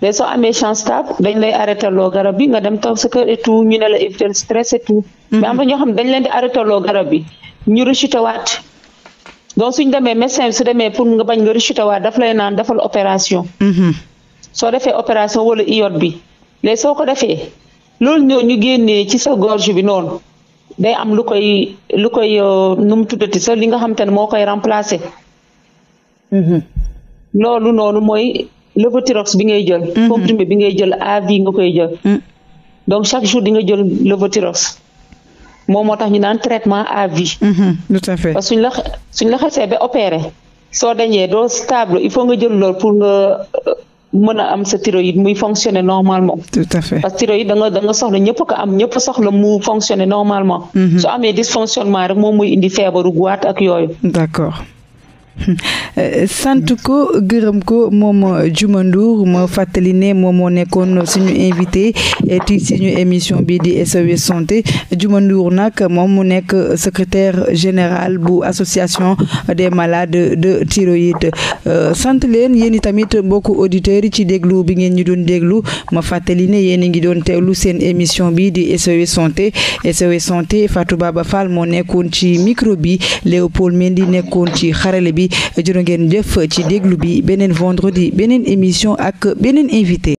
mais soo amee chance tab dañ lay arrêté loo garab bi nga dem toog sa kër et tout ñu ne la éviter stress et tout. Mm-hmm. mais am dañ leen di arrêté loo garab bi ñu rechuté waat donc suñ demee médecin su demee pour nga bañ nga rechuté waat daf naan defal opération. Mm-hmm. soo defee opération wala iode bi léegi soo ko defee loolu ñoo ñu génnee ci sa gorge bi noonu day am lu koy lu koy euh, nu mu tuddati sa li nga xam te ne moo koy remplacer. Mm-hmm. loolu noonu mooy levothyrox bi ngay jël. Mhm. comprimé bi ngay jël à nga koy jël. Mm. donc chaque jour di nga jël levothyrox moom moo tax ñu naan traitement mhm, à vie. tout parce que suñ la suñ la xasee ba opéré soo dañee doo stable il faut nga jël lool pour nga euh, mën a am sa thyroïde muy fonctionner normalement. tout à fait parce que thyroïde da nga soxla ñëpp ko am ñëpp soxla mu fonctionner normalement. Mhm. su amee dysfonctionnement rek moom muy indi feebaru guwaat ak yooyu. d'accord. <laughs> Eh, sant ko gërëm ko moom Diouma eh, Ndour ma fàttali ne moom moo nekkoon suñu invité ci suñu émission bi di SOS santé Diouma Ndour nag moom mu nekk secrétaire général bu association des malades de thyroïde eh, sant leen yéen i tamit mbokku auditeurs yi ci déglu bi ngeen ñu doon déglu ma fàttali ne yéen a ngi doon teewlu seen émission bi di SOS santé SOS santé Fatou Baba Fall moo nekkoon ci micro bi Léopold Mendy nekkoon ci xarale bi bi jërë ngeen jëf ci déglu bi beneen vendredi beneen émission ak beneen invité